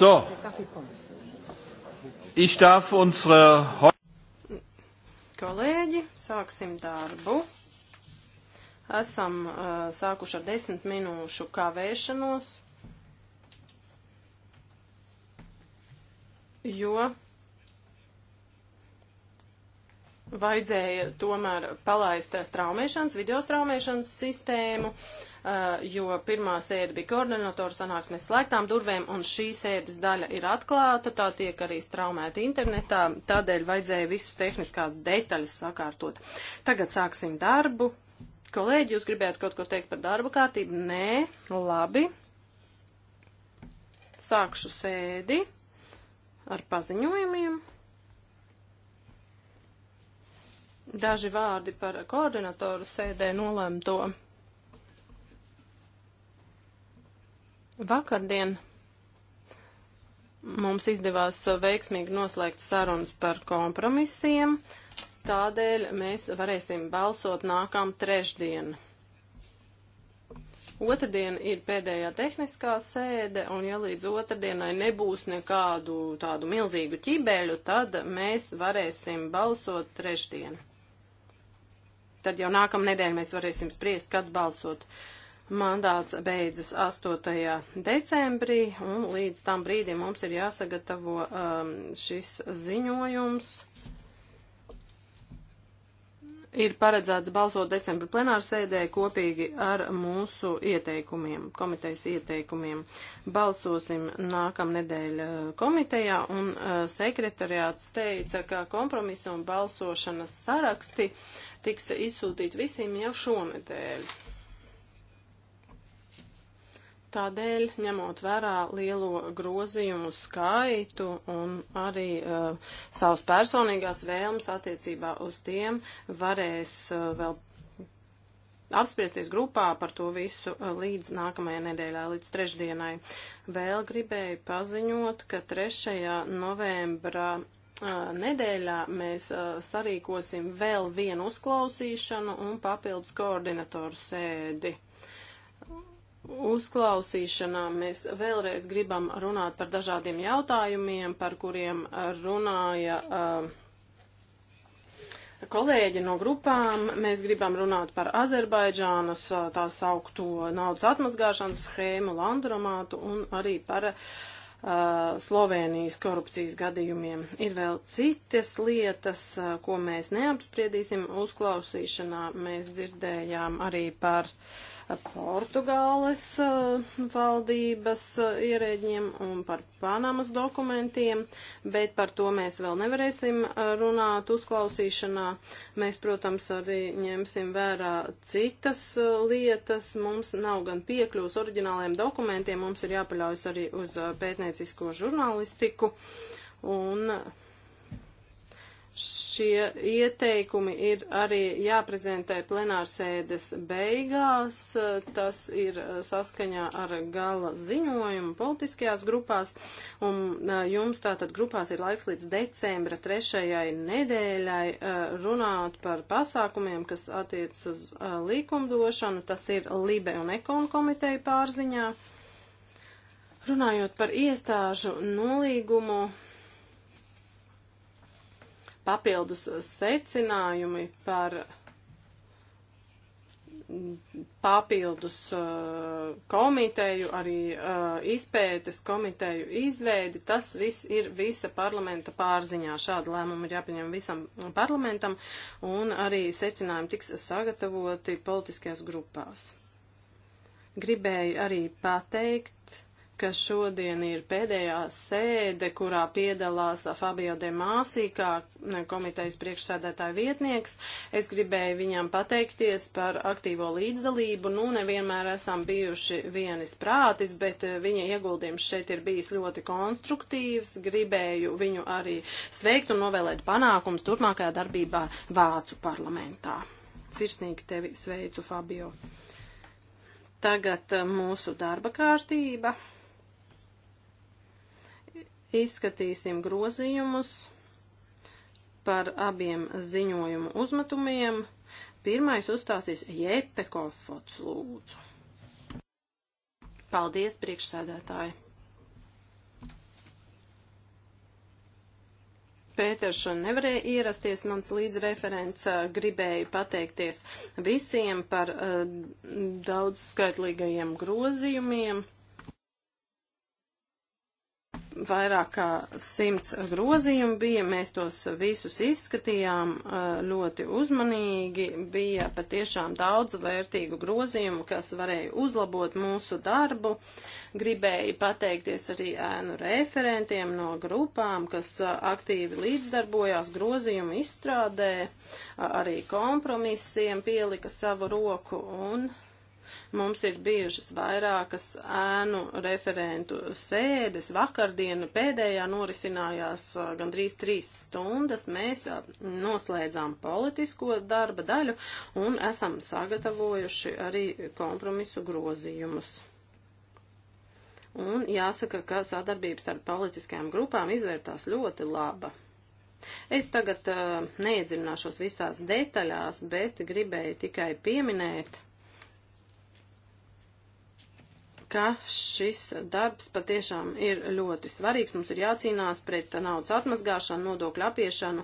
So, ich darf unsere. Kolēģi, sāksim darbu. Esam uh, sākuši ar desmit minūšu kavēšanos, jo vajadzēja tomēr palaist uh, straumēšanas, video straumēšanas sistēmu. Uh, Eh, jo pirmā sēde bija koordinatora sanāksmes slēgtām durvēm, un šī sēdes daļa ir atklāta, tā tiek arī straumēta internetā, tādēļ vajadzēja visus tehniskās detaļas sakārtot. Tagad sāksim darbu. Kolēģi, jūs gribētu kaut ko teikt par darba kārtību? Nē, labi. Sākšu sēdi ar paziņojumiem. Daži vārdi par koordinatoru sēdē nolēmto. to. Vakardien mums izdevās veiksmīgi noslēgt sarunas par kompromisiem, tādēļ mēs varēsim balsot nākam trešdien. Otradien ir pēdējā tehniskā sēde, un ja līdz otrdienai nebūs nekādu tādu milzīgu ķibeļu, tad mēs varēsim balsot trešdien. Tad jau nākamnedēļ mēs varēsim spriest, kad balsot. Uh, Mandāts beidzas 8. decembrī, un līdz tam brīdim mums ir jāsagatavo um, šis ziņojums ir paredzēts balsot decembra plenārsēdē kopīgi ar mūsu ieteikumiem, komitejas ieteikumiem. Balsosim nākamnedēļ uh, komitejā, un uh, sekretariāts teica, ka kompromisu un balsošanas saraksti tiks izsūtīti visiem jau šonedēļ. Tādēļ, ņemot vērā lielo grozījumu skaitu un arī uh, savas personīgās vēlmes attiecībā uz tiem, varēs uh, vēl apspriesties grupā par to visu uh, līdz nākamajai nedēļā, līdz trešdienai. Vēl gribēju paziņot, ka 3. novembra uh, nedēļā mēs uh, sarīkosim vēl vienu uzklausīšanu un papildus koordinatoru sēdi uzklausīšanā mēs vēlreiz gribam runāt par dažādiem jautājumiem, par kuriem runāja uh, kolēģi no grupām. Mēs gribam runāt par Azerbaidžānas eh, tā saukto naudas atmazgāšanas schēmu, landromātu un arī par uh, Slovenijas korupcijas gadījumiem. Ir vēl citas lietas, uh, ko mēs neapspriedīsim uzklausīšanā. Mēs dzirdējām arī par uh, Portugāles eh, valdības eh, ierēģiem un par Panamas dokumentiem, bet par to mēs vēl nevarēsim eh, runāt uzklausīšanā. Mēs, protams, arī ņemsim vērā citas lietas. Mums nav gan piekļūs oriģināliem dokumentiem, mums ir jāpaļaujas arī uz pētniecisko žurnālistiku. Un Šie ieteikumi ir arī jāprezentē plenārsēdes beigās, tas ir uh, saskaņā ar gala ziņojumu politiskajās grupās, un uh, jums tātad grupās ir laiks līdz decembra trešajai nedēļai uh, runāt par pasākumiem, kas attiec uz likumdošanu, tas ir Libe un Ekon komiteja pārziņā. Runājot par iestāžu nolīgumu, papildus secinājumi par papildus uh, komiteju, arī uh, izpētes komiteju izveidi. Tas viss ir visa parlamenta pārziņā. Šāda lēmuma ir jāpieņem visam parlamentam, un arī secinājumi tiks sagatavoti politiskajās grupās. Gribēju arī pateikt, ka šodien ir pēdējā sēde, kurā piedalās Fabio de Māsī, kā komitejas priekšsēdētāja vietnieks. Es gribēju viņam pateikties par aktīvo līdzdalību. Nu, nevienmēr esam bijuši vienis prātis, bet eh, viņa ieguldījums šeit ir bijis ļoti konstruktīvs. Gribēju viņu arī sveikt un novēlēt panākums turpmākajā darbībā Vācu parlamentā. Sirsnīgi tevi sveicu, Fabio. Tagad eh, mūsu darba kārtība. Izskatīsim grozījumus par abiem ziņojumu uzmetumiem. Pirmais uzstāsies Jepe Kofots lūdzu. Paldies, priekšsēdētāji! Pēteršana nevarēja ierasties, mans līdzreferents gribēja pateikties visiem par uh, daudzskaitlīgajiem grozījumiem vairāk kā simts grozījumu bija, mēs tos visus izskatījām uh, ļoti uzmanīgi, bija patiešām daudz vērtīgu grozījumu, kas varēja uzlabot mūsu darbu. Gribēju pateikties arī ēnu referentiem no grupām, kas uh, aktīvi līdzdarbojās grozījumu izstrādē, arī kompromisiem pielika savu roku un Mums ir bijušas vairākas ēnu referentu sēdes. Vakardiena pēdējā norisinājās uh, gandrīz trīs stundas. Mēs uh, noslēdzām politisko darba daļu un esam sagatavojuši arī kompromisu grozījumus. Un jāsaka, ka sadarbības starp politiskajām grupām izvērtās ļoti laba. Es tagad uh, neiedziļināšos visās detaļās, bet gribēju tikai pieminēt, ka šis darbs patiešām ir ļoti svarīgs. Mums ir jācīnās pret naudas atmazgāšanu, nodokļu apiešanu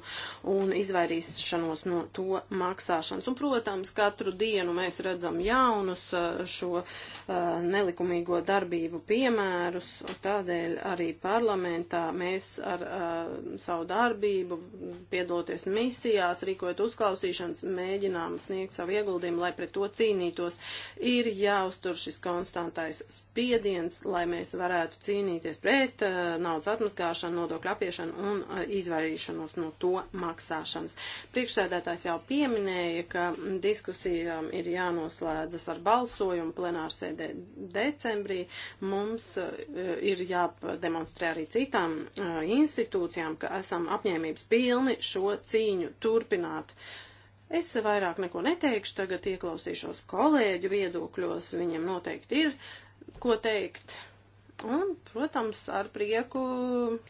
un izvairīšanos no to maksāšanas. Un, protams, katru dienu mēs redzam jaunus uh, šo uh, nelikumīgo darbību piemērus. Tādēļ arī parlamentā mēs ar uh, savu darbību, piedaloties misijās, rīkojot uzklausīšanas, mēģinām sniegt savu ieguldījumu, lai pret to cīnītos. Ir jāuztur šis konstantais spiediens, lai mēs varētu cīnīties pret uh, naudas atmaskāšanu, nodokļu apiešanu un uh, izvairīšanos no to maksāšanas. Priekšsēdētājs jau pieminēja, ka diskusijām ir jānoslēdzas ar balsojumu plenārsēdē decembrī. Mums uh, ir jādemonstrē arī citām uh, institūcijām, ka esam apņēmības pilni šo cīņu turpināt. Es vairāk neko neteikšu, tagad ieklausīšos kolēģu viedokļos, viņiem noteikti ir ko teikt. Un, protams, ar prieku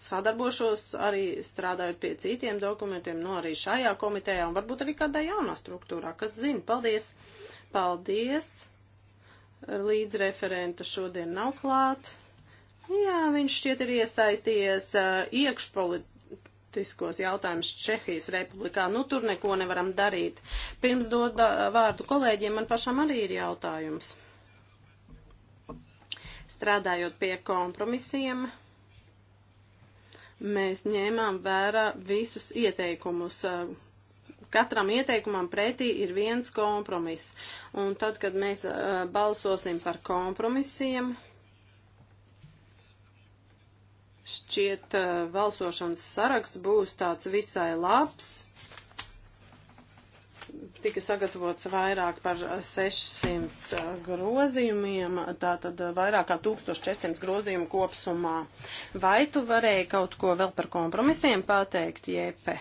sadarbošos arī strādājot pie citiem dokumentiem, no nu, arī šajā komitejā un varbūt arī kādā jaunā struktūrā, kas zina. Paldies! Paldies! Līdz referenta šodien nav klāt. Jā, viņš šķiet ir iesaistījies uh, iekšpolitikā politiskos jautājumus Čehijas republikā. Nu, tur neko nevaram darīt. Pirms dod uh, vārdu kolēģiem, man pašam arī ir jautājums strādājot pie kompromisiem, mēs ņēmām vērā visus ieteikumus. Katram ieteikumam pretī ir viens kompromiss. Un tad, kad mēs uh, balsosim par kompromisiem, šķiet uh, balsošanas saraksts būs tāds visai labs tika sagatavots vairāk par 600 uh, grozījumiem, tātad uh, vairāk kā 1400 grozījumu kopsumā. Vai tu varēji kaut ko vēl par kompromisiem pateikt, Jepe?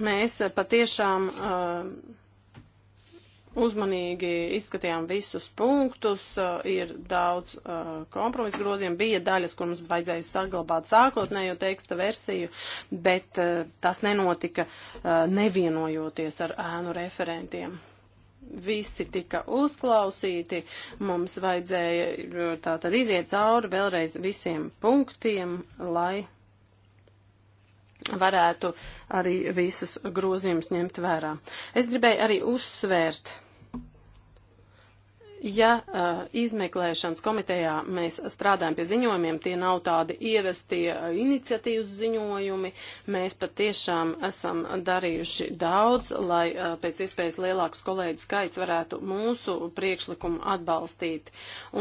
Mēs uh, patiešām. Uh, uzmanīgi izskatījām visus punktus, eh, ir daudz uh, kompromisu grozījumu, bija daļas, kur mums vajadzēja saglabāt sākotnējo teksta versiju, bet uh, tas nenotika uh, nevienojoties ar ēnu referentiem. Visi tika uzklausīti, mums vajadzēja tā tad iziet cauri vēlreiz visiem punktiem, lai varētu arī visus grozījumus ņemt vērā. Es gribēju arī uzsvērt Ja uh, izmeklēšanas komitejā mēs strādājam pie ziņojumiem, tie nav tādi ierastie uh, iniciatīvas ziņojumi, mēs patiešām esam darījuši daudz, lai uh, pēc iespējas lielāks kolēģi skaits varētu mūsu priekšlikumu atbalstīt.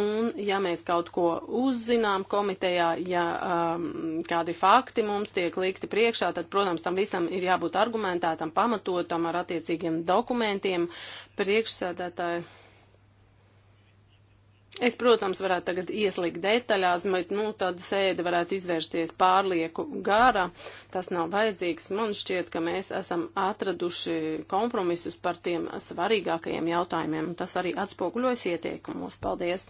Un ja mēs kaut ko uzzinām komitejā, ja um, kādi fakti mums tiek likti priekšā, tad, protams, tam visam ir jābūt argumentētam, pamatotam ar attiecīgiem dokumentiem priekšsēdētāji Es, protams, varētu tagad ieslīgt detaļās, bet, nu, tāda sēde varētu izvērsties pārlieku gara. Tas nav vajadzīgs. Man šķiet, ka mēs esam atraduši kompromisus par tiem svarīgākajiem jautājumiem. Tas arī atspoguļojas ieteikumos. Paldies!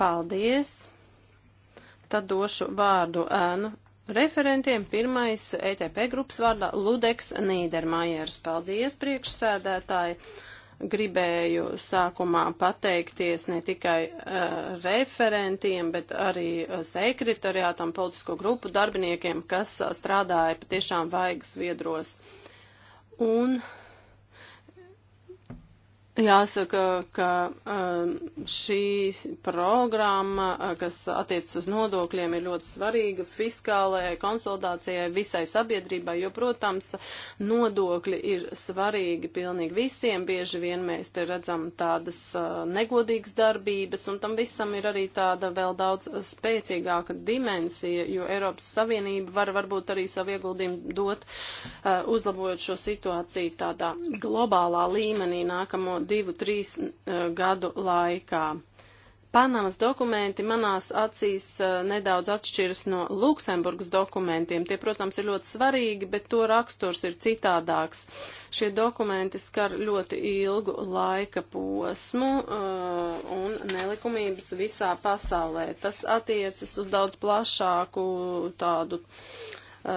Paldies! Tad došu vārdu ēnu referentiem. Pirmais ETP grupas vārdā Ludeks Nīdermājers. Paldies, priekšsēdētāji! gribēju sākumā pateikties ne tikai uh, referentiem, bet arī uh, sekretariātam, politisko grupu darbiniekiem, kas uh, strādāja patiešām vaigas viedros. Un uh, Jāsaka, ka um, šī programma, uh, kas attiecas uz nodokļiem, ir ļoti svarīga fiskālajai konsolidācijai visai sabiedrībai, jo, protams, nodokļi ir svarīgi pilnīgi visiem. Bieži vien mēs te redzam tādas uh, negodīgas darbības, un tam visam ir arī tāda vēl daudz spēcīgāka dimensija, jo Eiropas Savienība var varbūt arī savu ieguldījumu dot, uh, uzlabojot šo situāciju tādā globālā līmenī nākamo divu, trīs e, gadu laikā. Panamas dokumenti manās acīs e, nedaudz atšķiras no Luksemburgas dokumentiem. Tie, protams, ir ļoti svarīgi, bet to raksturs ir citādāks. Šie dokumenti skar ļoti ilgu laika posmu uh, un nelikumības visā pasaulē. Tas attiecas uz daudz plašāku tādu uh, Uh,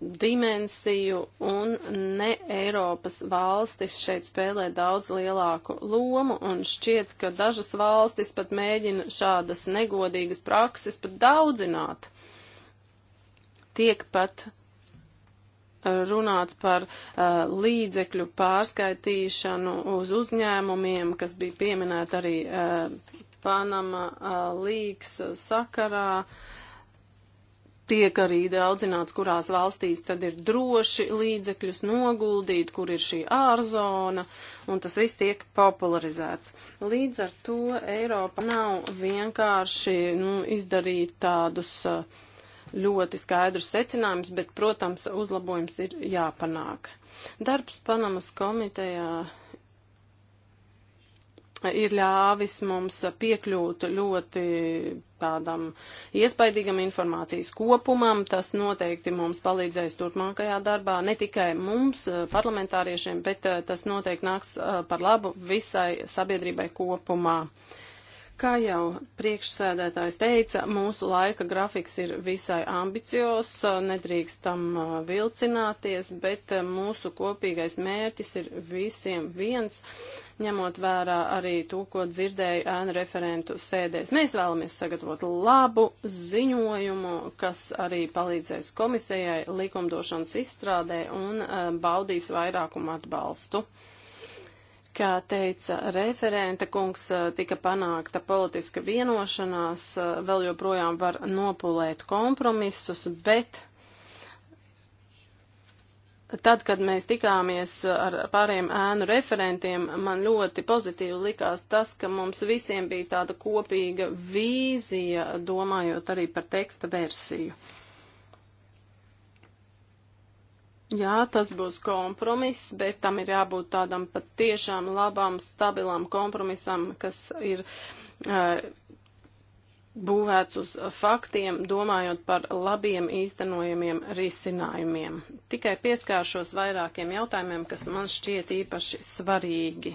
dimensiju un ne Eiropas valstis šeit spēlē daudz lielāku lomu un šķiet, ka dažas valstis pat mēģina šādas negodīgas prakses pat daudzināt. Tiek pat uh, runāts par uh, līdzekļu pārskaitīšanu uz uzņēmumiem, kas bija pieminēta arī uh, Panama uh, līks uh, sakarā. Uh, tiek arī daudzināts, kurās valstīs tad ir droši līdzekļus noguldīt, kur ir šī ārzona, un tas viss tiek popularizēts. Līdz ar to Eiropa nav vienkārši nu, izdarīt tādus uh, ļoti skaidrus secinājumus, bet, protams, uzlabojums ir jāpanāk. Darbs Panamas komitejā ir ļāvis mums piekļūt ļoti tādam iespaidīgam informācijas kopumam. Tas noteikti mums palīdzēs turpmākajā darbā, ne tikai mums, eh, parlamentāriešiem, bet eh, tas noteikti nāks eh, par labu visai sabiedrībai kopumā. Kā jau priekšsēdētājs teica, mūsu laika grafiks ir visai ambicios, nedrīkstam vilcināties, bet mūsu kopīgais mērķis ir visiem viens. Uh, ņemot vērā arī to, ko dzirdēju ēnu referentu sēdēs. Mēs vēlamies sagatavot labu ziņojumu, kas arī palīdzēs komisijai likumdošanas izstrādē un uh, baudīs vairākumu atbalstu kā teica referenta kungs, eh, tika panākta politiska vienošanās, eh, vēl joprojām var nopulēt kompromisus, bet Tad, kad mēs tikāmies ar pāriem ēnu referentiem, man ļoti pozitīvi likās tas, ka mums visiem bija tāda kopīga vīzija, domājot arī par teksta versiju. Jā, tas būs kompromiss, bet tam ir jābūt tādam patiešām labam, stabilam kompromisam, kas ir uh, būvēts uz faktiem, domājot par labiem īstenojumiem risinājumiem. Tikai pieskāršos vairākiem jautājumiem, kas man šķiet īpaši svarīgi.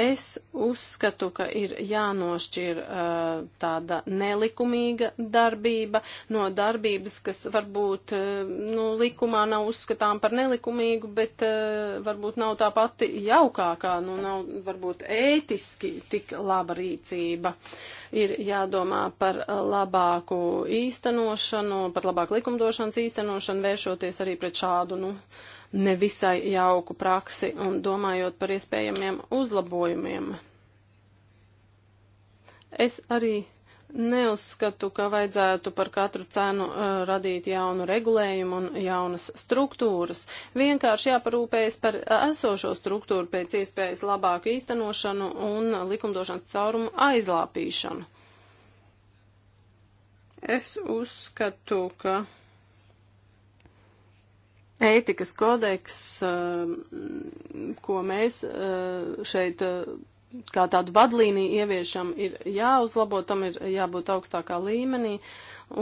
Es uzskatu, ka ir jānošķir uh, tāda nelikumīga darbība no darbības, kas varbūt uh, nu, likumā nav uzskatām par nelikumīgu, bet uh, varbūt nav tā pati jaukākā, nu nav varbūt ētiski tik laba rīcība. Uh, ir jādomā par labāku īstenošanu, par labāku likumdošanas īstenošanu, vēršoties arī pret šādu, nu, nevisai jauku praksi un domājot par iespējamiem uzlabojumiem. Es arī Neuzskatu, ka vajadzētu par katru cenu uh, radīt jaunu regulējumu un jaunas struktūras. Vienkārši jāparūpējas par esošo struktūru pēc iespējas labāku īstenošanu un likumdošanas caurumu aizlāpīšanu. Es uzskatu, ka ētikas kodeks, uh, ko mēs uh, šeit. Uh, kā tādu vadlīniju ieviešam ir jāuzlabo, tam ir jābūt augstākā līmenī,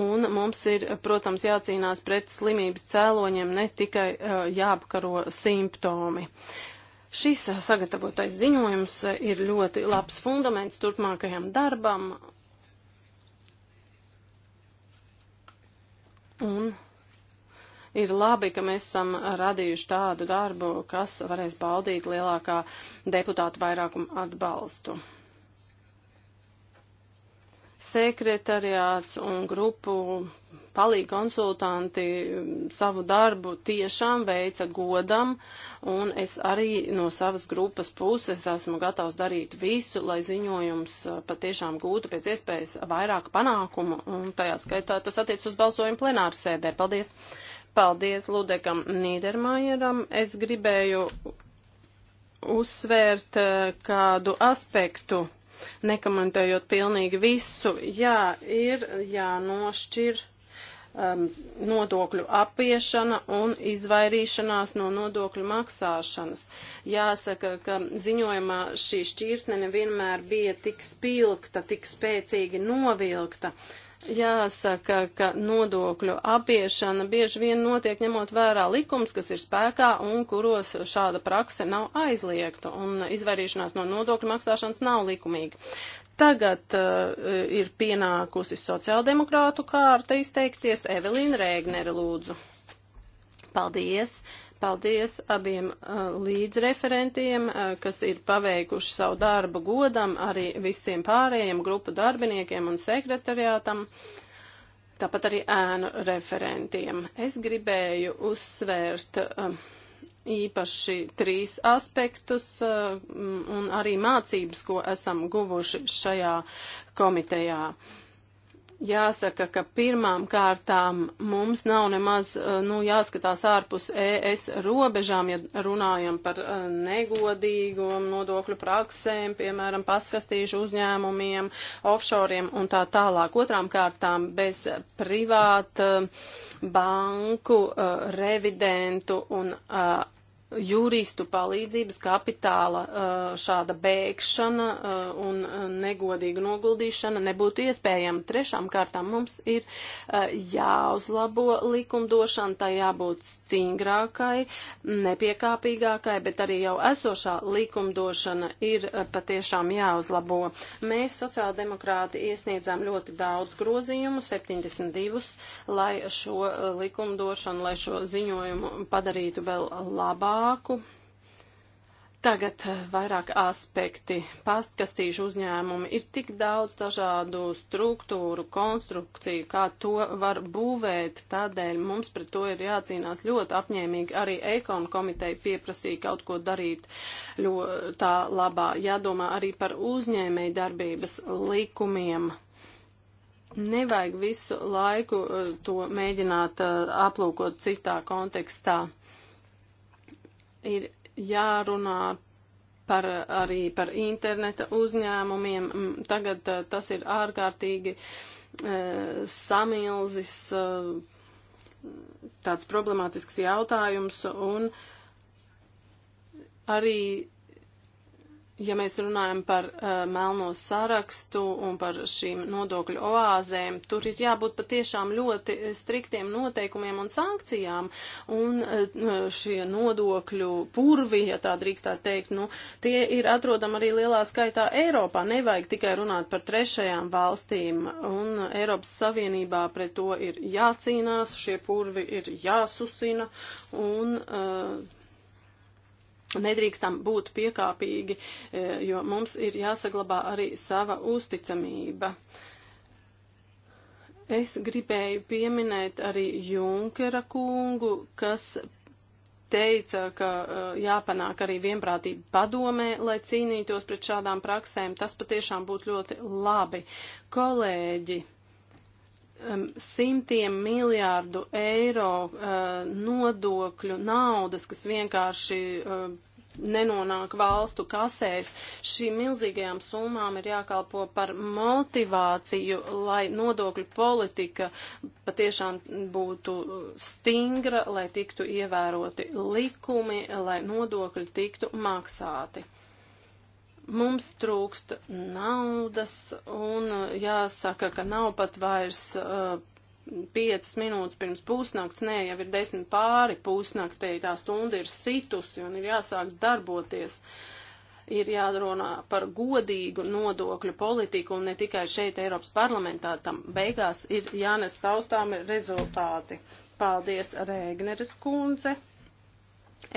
un mums ir, protams, jācīnās pret slimības cēloņiem, ne tikai uh, jāapkaro simptomi. Šis sagatavotais ziņojums ir ļoti labs fundaments turpmākajam darbam. Un Ir labi, ka mēs esam radījuši tādu darbu, kas varēs baudīt lielākā deputātu vairākumu atbalstu sekretariāts un grupu palīgi konsultanti savu darbu tiešām veica godam, un es arī no savas grupas puses esmu gatavs darīt visu, lai ziņojums patiešām gūtu pēc iespējas vairāk panākumu, un tajā skaitā tas attiec uz balsojumu plenārsēdē. Paldies! Paldies Ludekam Nīdermajeram. Es gribēju uzsvērt eh, kādu aspektu, nekomentējot pilnīgi visu. Jā, ir jānošķir um, nodokļu apiešana un izvairīšanās no nodokļu maksāšanas. Jāsaka, ka ziņojumā šī šķirtne nevienmēr bija tik spilgta, tik spēcīgi novilkta. Uh, Jāsaka, ka nodokļu apiešana bieži vien notiek ņemot vērā likums, kas ir spēkā un kuros šāda prakse nav aizliegta, un izvairīšanās no nodokļu maksāšanas nav likumīga. Tagad uh, ir pienākusi sociāldemokrātu kārta izteikties Evelīna Rēgnere lūdzu. Paldies! Uh, Paldies abiem uh, līdzreferentiem, uh, kas ir paveikuši savu darbu godam, arī visiem pārējiem grupu darbiniekiem un sekretariātam, tāpat arī ēnu referentiem. Es gribēju uzsvērt uh, īpaši trīs aspektus uh, un arī mācības, ko esam guvuši šajā komitejā. Uh, Jāsaka, ka pirmām kārtām mums nav nemaz eh, nu, jāskatās ārpus ES robežām, ja runājam par eh, negodīgām nodokļu praksēm, piemēram, pastkastīšu uzņēmumiem, offshoriem un tā tālāk. Otrām kārtām bez privāta eh, banku, revidentu un juristu palīdzības kapitāla uh, šāda bēgšana uh, un uh, negodīga noguldīšana nebūtu iespējama. Trešām kārtām mums ir jāuzlabo likumdošana, tā jābūt stingrākai, nepiekāpīgākai, bet arī jau esošā likumdošana ir patiešām jāuzlabo. Mēs, sociāldemokrāti, iesniedzām ļoti daudz grozījumu, 72, lai šo likumdošanu, lai šo ziņojumu padarītu vēl labāk tālāku. Tagad eh, vairāk aspekti. Pastkastīšu uzņēmumi ir tik daudz dažādu struktūru, konstrukciju, kā to var būvēt. Tādēļ mums pret to ir jācīnās ļoti apņēmīgi. Arī Ekonu komiteja pieprasīja kaut ko darīt tā labā. Jādomā arī par uzņēmēju darbības likumiem. Nevajag visu laiku eh, to mēģināt eh, aplūkot citā kontekstā. Ir jārunā par, arī par interneta uzņēmumiem. Tagad uh, tas ir ārkārtīgi e, samilzis e, tāds problemātisks jautājums un arī ja mēs runājam par uh, melno sarakstu un par šīm nodokļu oāzēm, tur ir jābūt patiešām ļoti striktiem noteikumiem un sankcijām, un uh, šie nodokļu purvi, ja tā drīkstā teikt, nu, tie ir atrodami arī lielā skaitā Eiropā. Nevajag tikai runāt par trešajām valstīm, un Eiropas Savienībā pret to ir jācīnās, šie purvi ir jāsusina, un. Uh, nedrīkstam būt piekāpīgi, e, jo mums ir jāsaglabā arī sava uzticamība. Es gribēju pieminēt arī Junkera kungu, kas teica, ka e, jāpanāk arī vienprātība padomē, lai cīnītos pret šādām praksēm. Tas patiešām būtu ļoti labi. Kolēģi! simtiem miljārdu eiro uh, nodokļu naudas, kas vienkārši uh, nenonāk valstu kasēs. Šīm milzīgajām summām ir jākalpo par motivāciju, lai nodokļu politika patiešām būtu stingra, lai tiktu ievēroti likumi, lai nodokļi tiktu maksāti. Mums trūkst naudas un jāsaka, ka nav pat vairs uh, 5 minūtes pirms pusnakts, nē, jau ir 10 pāri pusnaktī, tā stunda ir situsi un ir jāsāk darboties. Ir jādronā par godīgu nodokļu politiku un ne tikai šeit Eiropas parlamentā, tam beigās ir jānes taustāmi rezultāti. Paldies, Rēgneres kundze.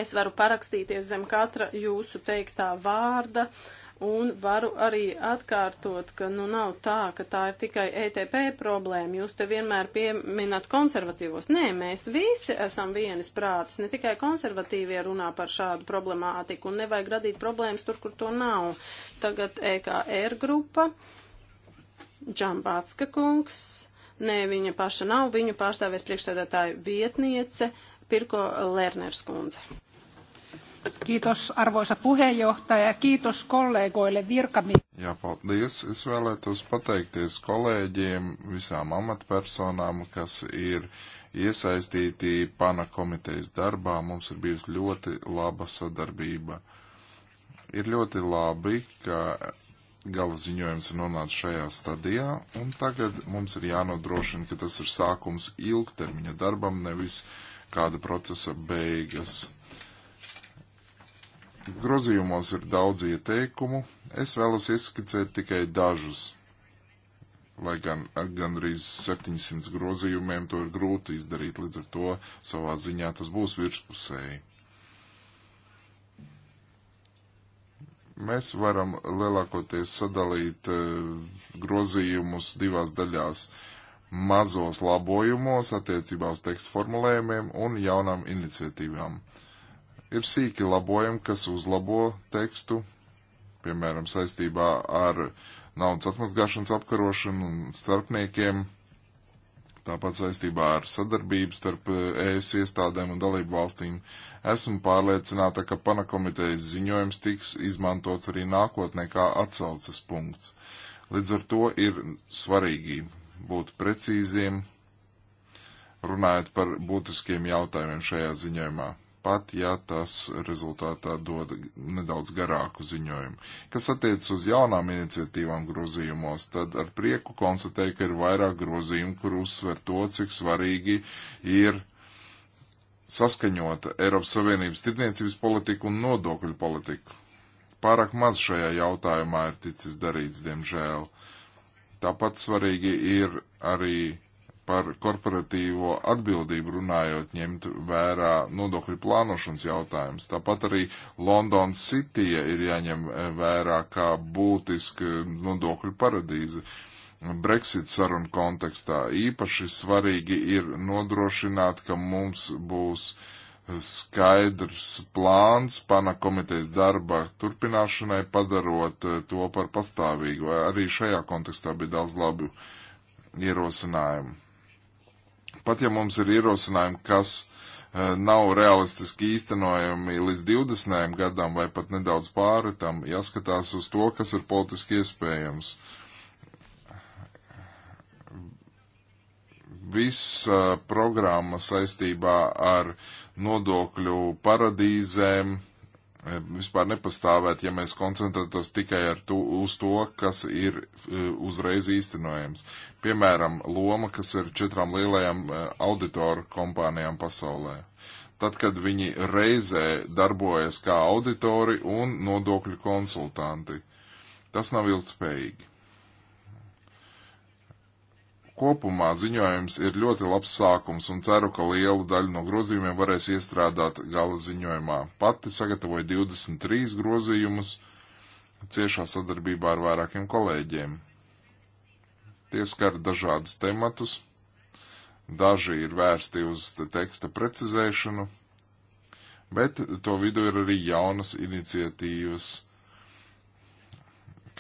Es varu parakstīties zem katra jūsu teiktā vārda. Uh, Un varu arī atkārtot, ka nu nav tā, ka tā ir tikai ETP problēma. Jūs te vienmēr pieminat konservatīvos. Nē, mēs visi esam vienas prātas. Ne tikai konservatīvie runā par šādu problemātiku un nevajag radīt problēmas tur, kur to nav. Tagad EKR grupa, Džambātska kungs. Nē, viņa paša nav. Viņu pārstāvēs priekšsēdētāja vietniece Pirko Lerners kundze. Kiitos arvoisa puheenjohtaja ja kiitos kollegoille virkamiehille. Jā, paldies. Es vēlētos pateikties kolēģiem, visām amatpersonām, kas ir iesaistīti pana komitejas darbā. Mums ir bijusi ļoti laba sadarbība. Ir ļoti labi, ka gala ziņojums ir nonācis šajā stadijā, un tagad mums ir jānodrošina, ka tas ir sākums ilgtermiņa darbam, nevis kāda procesa beigas. Grozījumos ir daudz ieteikumu, es vēlos ieskicēt tikai dažus, lai gan ar gandrīz 700 grozījumiem to ir grūti izdarīt, līdz ar to savā ziņā tas būs virspusēji. mēs varam lielākoties sadalīt eh, grozījumus divās daļās - mazos labojumos attiecībā uz tekstu formulējumiem un jaunām iniciatīvām. Ir sīki labojumi, kas uzlabo tekstu, piemēram, saistībā ar naudas atmazgāšanas apkarošanu un starpniekiem, tāpat saistībā ar sadarbību starp eh, ES iestādēm un dalību valstīm. Esmu pārliecināta, ka panakomitejas ziņojums tiks izmantots arī nākotnē kā atsauces punkts. Līdz ar to ir svarīgi būt precīziem, runājot par būtiskiem jautājumiem šajā ziņojumā pat ja tas rezultātā dod nedaudz garāku ziņojumu. Kas attiecas uz jaunām iniciatīvām grozījumos, tad ar prieku konstatēju, ka ir vairāk grozījumu, kur uzsver to, cik svarīgi ir saskaņota Eiropas Savienības tirdzniecības politika un nodokļu politika. Pārāk maz šajā jautājumā ir ticis darīts, diemžēl. Tāpat svarīgi ir arī par korporatīvo atbildību runājot, ņemt vērā nodokļu plānošanas jautājums. Tāpat arī London City ir jāņem eh, vērā kā būtiska nodokļu paradīze. Brexit sarunu kontekstā īpaši svarīgi ir nodrošināt, ka mums būs skaidrs plāns pana komitejas darba turpināšanai, padarot eh, to par pastāvīgu. Arī šajā kontekstā bija daudz labu ierosinājumu. Pat ja mums ir ierosinājumi, kas eh, nav realistiski īstenojami līdz 20. gadam vai pat nedaudz pāri tam, jāskatās uz to, kas ir politiski iespējams. Viss eh, programma saistībā ar nodokļu paradīzēm, Eh, vispār nepastāvēt, ja mēs koncentrētos tikai to, uz to, kas ir eh, uzreiz īstenojams. Piemēram, loma, kas ir četrām lielajām eh, auditoru kompānijām pasaulē. Tad, kad viņi reizē darbojas kā auditori un nodokļu konsultanti, tas nav ilgspējīgi. Kopumā ziņojums ir ļoti labs sākums un ceru, ka lielu daļu no grozījumiem varēs iestrādāt gala ziņojumā. Pati sagatavoju 23 grozījumus ciešā sadarbībā ar vairākiem kolēģiem. Tie skar dažādus tematus, daži ir vērsti uz teksta precizēšanu, bet to vidu ir arī jaunas iniciatīvas,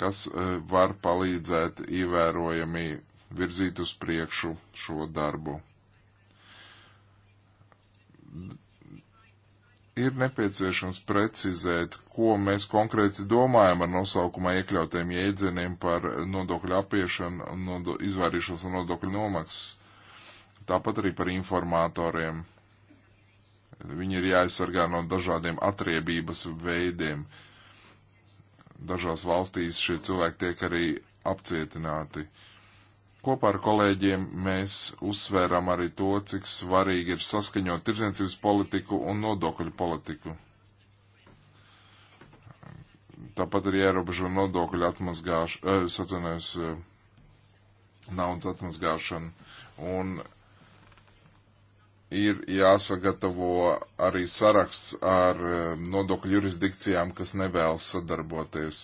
kas eh, var palīdzēt ievērojami virzīt uz priekšu šo darbu. Ir nepieciešams precizēt, ko mēs konkrēti domājam ar nosaukumā iekļautiem jēdzieniem par nodokļu apiešanu un nodo, izvairīšanos no nodokļu nomaksas. Tāpat arī par informatoriem. Viņi ir jāaizsargā no dažādiem atriebības veidiem. Dažās valstīs šie cilvēki tiek arī apcietināti. Uh, Kopā ar kolēģiem mēs uzsvērām arī to, cik svarīgi ir saskaņot tirdzniecības politiku un nodokļu politiku. Tāpat ir ierobežo nodokļu atmazgāšanu, eh, es atvainojos, eh, naudas atmazgāšanu. Un ir jāsagatavo arī saraksts ar eh, nodokļu jurisdikcijām, kas nevēlas sadarboties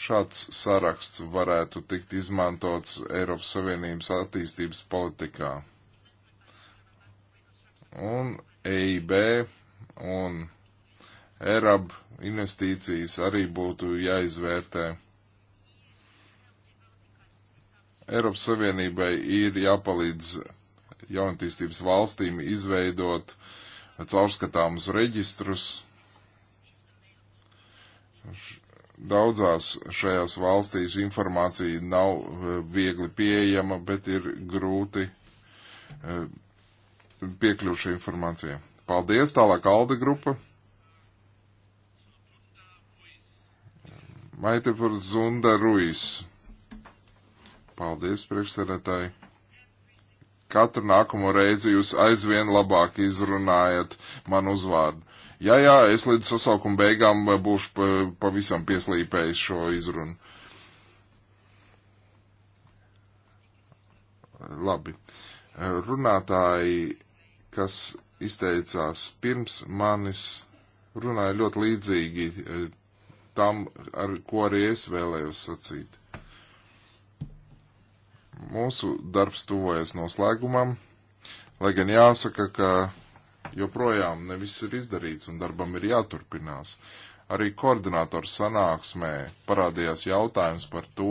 šāds saraksts varētu tikt izmantots Eiropas Savienības attīstības politikā. Un EIB un ERAB investīcijas arī būtu jāizvērtē. Eiropas Savienībai ir jāpalīdz jaunatīstības valstīm izveidot caurskatāmus reģistrus. Daudzās šajās valstīs informācija nav eh, viegli pieejama, bet ir grūti eh, piekļūt šai informācijai. Paldies, tālāk Alde grupa. Maite par Zunda Ruiz. Paldies, priekšsēdētāji. Katru nākamo reizi jūs aizvien labāk izrunājat man uzvārdu. Jā, jā, es līdz sasaukuma beigām būšu pavisam pieslīpējis šo izrunu. Labi. Runātāji, kas izteicās pirms manis, runāja ļoti līdzīgi eh, tam, ar ko arī es vēlējos sacīt. Mūsu darbs tuvojas noslēgumam, lai gan jāsaka, ka joprojām neviss ir izdarīts un darbam ir jāturpinās. Arī koordinātoru sanāksmē parādījās jautājums par to,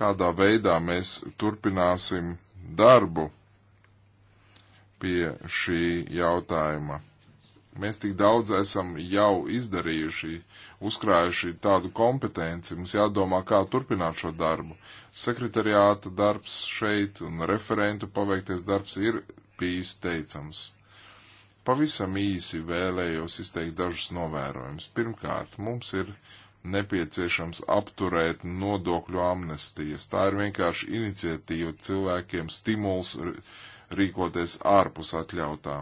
kādā veidā mēs turpināsim darbu pie šī jautājuma. Mēs tik daudz esam jau izdarījuši, uzkrājuši tādu kompetenci, mums jādomā, kā turpināt šo darbu. Sekretariāta darbs šeit un referentu paveikties darbs ir bijis teicams. Pavisam īsi vēlējos izteikt dažus novērojumus. Pirmkārt, mums ir nepieciešams apturēt nodokļu amnestijas. Tā ir vienkārši iniciatīva cilvēkiem, stimuls rīkoties ārpus atļautā.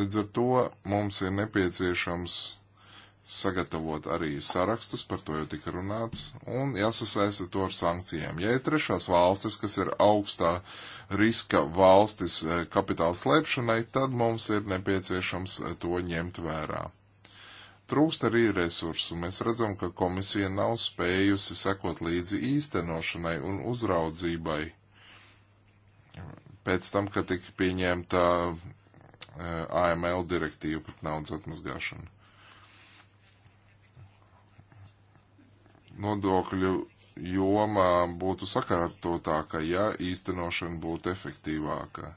Līdz ar to mums ir nepieciešams sagatavot arī sarakstus, par to jau tika runāts, un jāsasaista to ar sankcijām. Ja ir trešās valstis, kas ir augstā riska valstis eh, kapitāla slēpšanai, tad mums ir nepieciešams eh, to ņemt vērā. Trūkst arī resursu. Mēs redzam, ka komisija nav spējusi sekot līdzi īstenošanai un uzraudzībai. Pēc tam, kad tika pieņemta eh, AML direktīva pret naudas atmazgāšanu. nodokļu jomā būtu sakārtotāka, ja īstenošana būtu efektīvāka.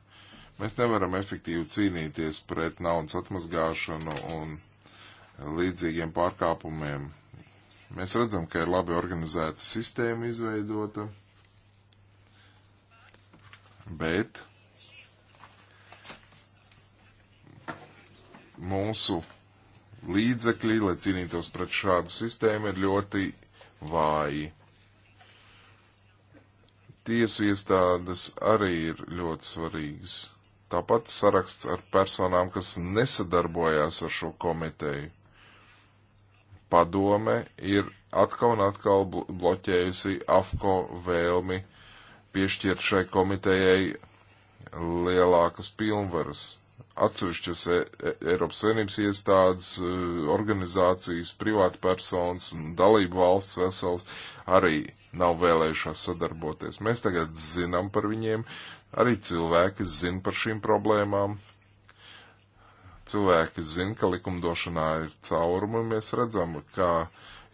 Mēs nevaram efektīvi cīnīties pret naudas atmazgāšanu un līdzīgiem pārkāpumiem. Mēs redzam, ka ir labi organizēta sistēma izveidota, bet mūsu līdzekļi, lai cīnītos pret šādu sistēmu, ir ļoti vāji. Tiesu iestādes arī ir ļoti svarīgas. Tāpat saraksts ar personām, kas nesadarbojās ar šo komiteju. Padome ir atkal un atkal bloķējusi AFCO vēlmi piešķirt šai komitejai lielākas pilnvaras atsevišķas e, e, Eiropas Savienības iestādes, e, organizācijas, privātpersonas un dalību valsts vesels arī nav vēlējušās sadarboties. Mēs tagad zinām par viņiem, arī cilvēki zina par šīm problēmām. Cilvēki zina, ka likumdošanā ir caurumi, mēs redzam, ka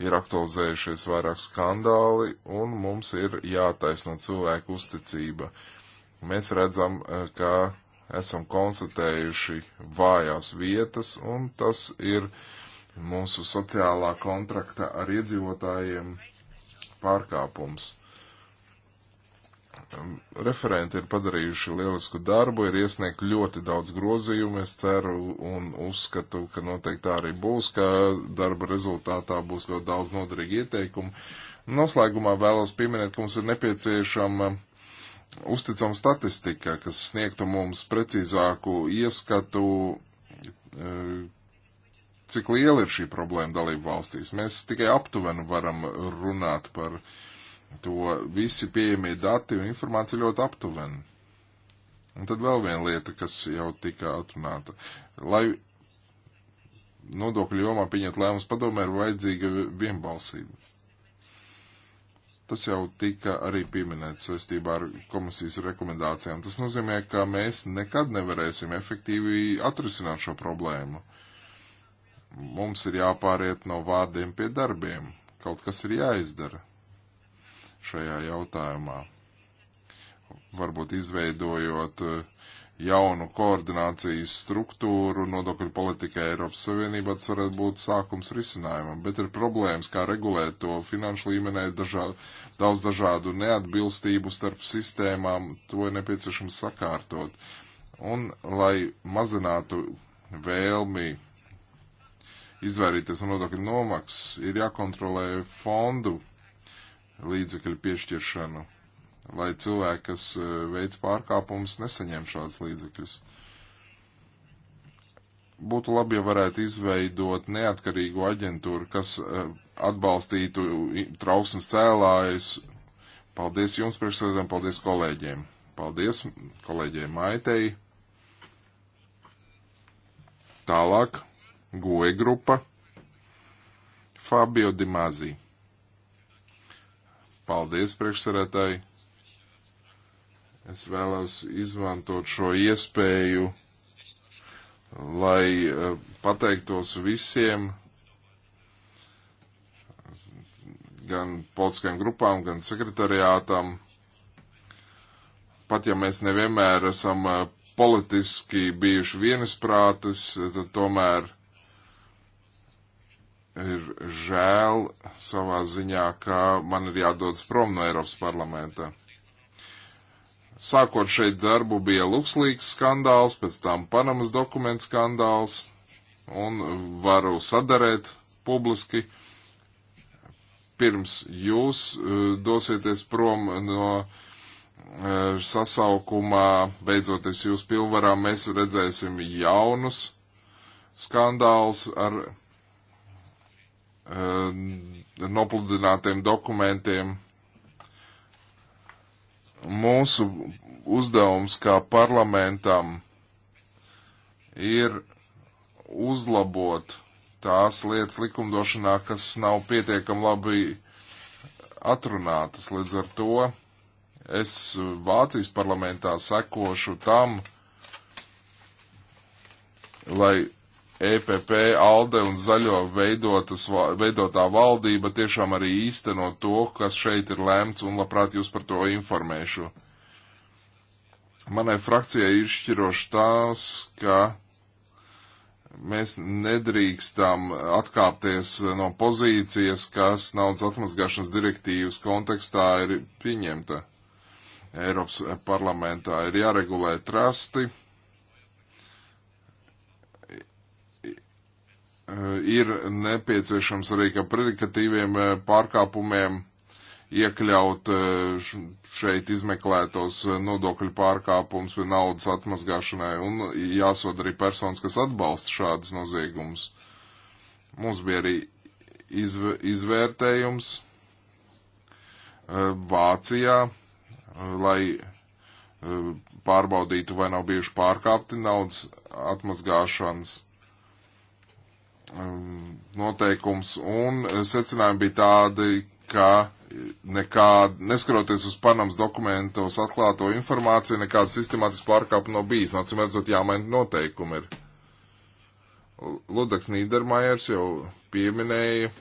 ir aktualizējušies vairāk skandāli un mums ir jātaisno cilvēku uzticība. Mēs redzam, ka esam konstatējuši vājās vietas, un tas ir mūsu sociālā kontrakta ar iedzīvotājiem pārkāpums. Referenti ir padarījuši lielisku darbu, ir iesniegt ļoti daudz grozījumu. Es ceru un uzskatu, ka noteikti tā arī būs, ka darba rezultātā būs ļoti daudz noderīgi ieteikumu. Noslēgumā vēlos pieminēt, ka mums ir nepieciešama uh, uzticama statistika, kas sniegtu mums precīzāku ieskatu, e, cik liela ir šī problēma dalību valstīs. Mēs tikai aptuveni varam runāt par to. Visi pieejamie dati un informācija ļoti aptuveni. Un tad vēl viena lieta, kas jau tika atrunāta. Lai nodokļu jomā pieņemt lēmumus padomē, ir vajadzīga vienbalsība. Tas jau tika arī pieminēts saistībā ar komisijas rekomendācijām. Tas nozīmē, ka mēs nekad nevarēsim efektīvi atrisināt šo problēmu. Mums ir jāpāriet no vārdiem pie darbiem. Kaut kas ir jāizdara šajā jautājumā. Varbūt izveidojot uh, jaunu koordinācijas struktūru nodokļu politikai Eiropas Savienībā, tas varētu būt sākums risinājumam, bet ir problēmas, kā regulēt to finanšu līmenē, dažā, daudz dažādu neatbilstību starp sistēmām, to ir nepieciešams sakārtot. Un, lai mazinātu vēlmi izvairīties no nodokļu nomaksas, ir jākontrolē fondu līdzekļu piešķiršanu lai cilvēki, kas e, veic pārkāpumus, nesaņem šādas līdzekļus. Būtu labi, ja varētu izveidot neatkarīgu aģentūru, kas e, atbalstītu trauksmes cēlājus. Paldies jums, priekšsēdētājiem, paldies kolēģiem. Paldies kolēģiem Maitei. Tālāk, goja grupa, Fabio Dimazī. Paldies, priekšsarētāji! Es vēlos izmantot šo iespēju, lai e, pateiktos visiem, gan politiskajām grupām, gan sekretariātam. Pat ja mēs nevienmēr esam e, politiski bijuši vienisprātis, e, tad tomēr ir žēl savā ziņā, ka man ir jādodas prom no Eiropas parlamenta. Sākot šeit darbu bija Luxlīks skandāls, pēc tam Panamas dokumentu skandāls, un varu sadarēt publiski, pirms jūs e, dosieties prom no e, sasaukumā, beidzoties jūs pilvarā, mēs redzēsim jaunus skandāls ar e, nopludinātiem dokumentiem Mūsu uzdevums kā parlamentam ir uzlabot tās lietas likumdošanā, kas nav pietiekami labi atrunātas. Līdz ar to es Vācijas parlamentā sekošu tam, lai EPP, ALDE un Zaļo veidotas, veidotā valdība tiešām arī īsteno to, kas šeit ir lēmts, un labprāt jūs par to informēšu. Manai frakcijai ir šķiroši tās, ka mēs nedrīkstam atkāpties no pozīcijas, kas naudas atmazgāšanas direktīvas kontekstā ir pieņemta Eiropas parlamentā. Ir jāregulē trasti, Eh, ir nepieciešams arī, ka predikatīviem eh, pārkāpumiem iekļaut eh, šeit izmeklētos nodokļu pārkāpumus vai naudas atmazgāšanai un jāsod arī personas, kas atbalsta šādas noziegumus. Mums bija arī izv izvērtējums Vācijā, lai pārbaudītu, vai nav bijuši pārkāpti naudas atmazgāšanas Um, noteikums, un uh, secinājumi bija tādi, ka nekā, neskaroties uz Panamas dokumentos atklāto informāciju, nekāda sistemātiska pārkāpuma nav no bijis. Nācim redzot, jāmaina noteikumi ir. Ludaks Nīdermājers jau pieminēja,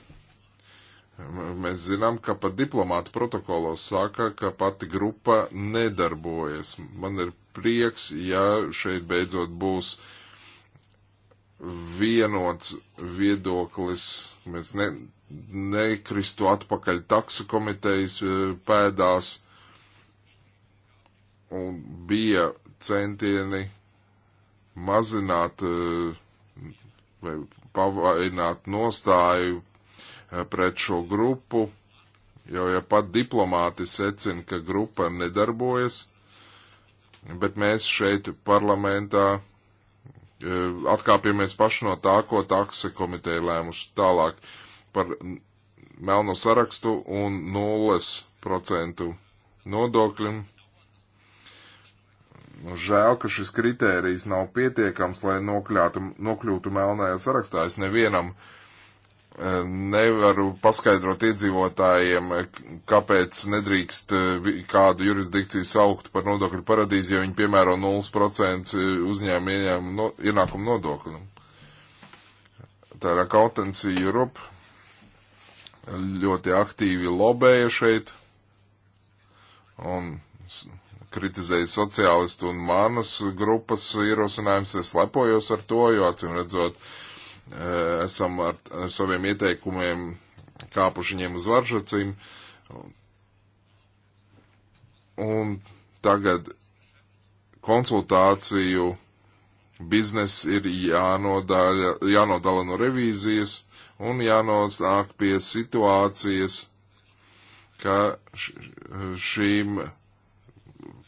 mēs zinām, ka pat diplomāta protokolos saka, ka pati grupa nedarbojas. Man ir prieks, ja šeit beidzot būs uh, vienots viedoklis. Mēs ne, nekristu atpakaļ taksa komitejas e, pēdās. Un bija centieni mazināt e, vai pavainot nostāju e, pret šo grupu, jo ja pat diplomāti secina, ka grupa nedarbojas, bet mēs šeit parlamentā atkāpjamies paši no tā, ko takse komiteja lēmuši tālāk par melno sarakstu un 0% nodokļiem. Nu, žēl, ka šis kritērijs nav pietiekams, lai nokļātu, nokļūtu melnajā sarakstā. Es nevienam uh, nevaru paskaidrot iedzīvotājiem, kāpēc nedrīkst eh, kādu jurisdikciju saukt par nodokļu paradīzi, ja viņi piemēro 0% eh, uzņēmumu no, ienākumu nodokli. Tā ir Accountancy Europe ļoti aktīvi lobēja šeit un kritizēja sociālistu un manas grupas ierosinājums. Es lepojos ar to, jo acīm redzot, uh, Eh, esam ar, ar saviem ieteikumiem kāpuši viņiem uz varžacīm. Un tagad konsultāciju biznes ir jānodaļa, jānodala no revīzijas un jānonāk pie situācijas, ka šīm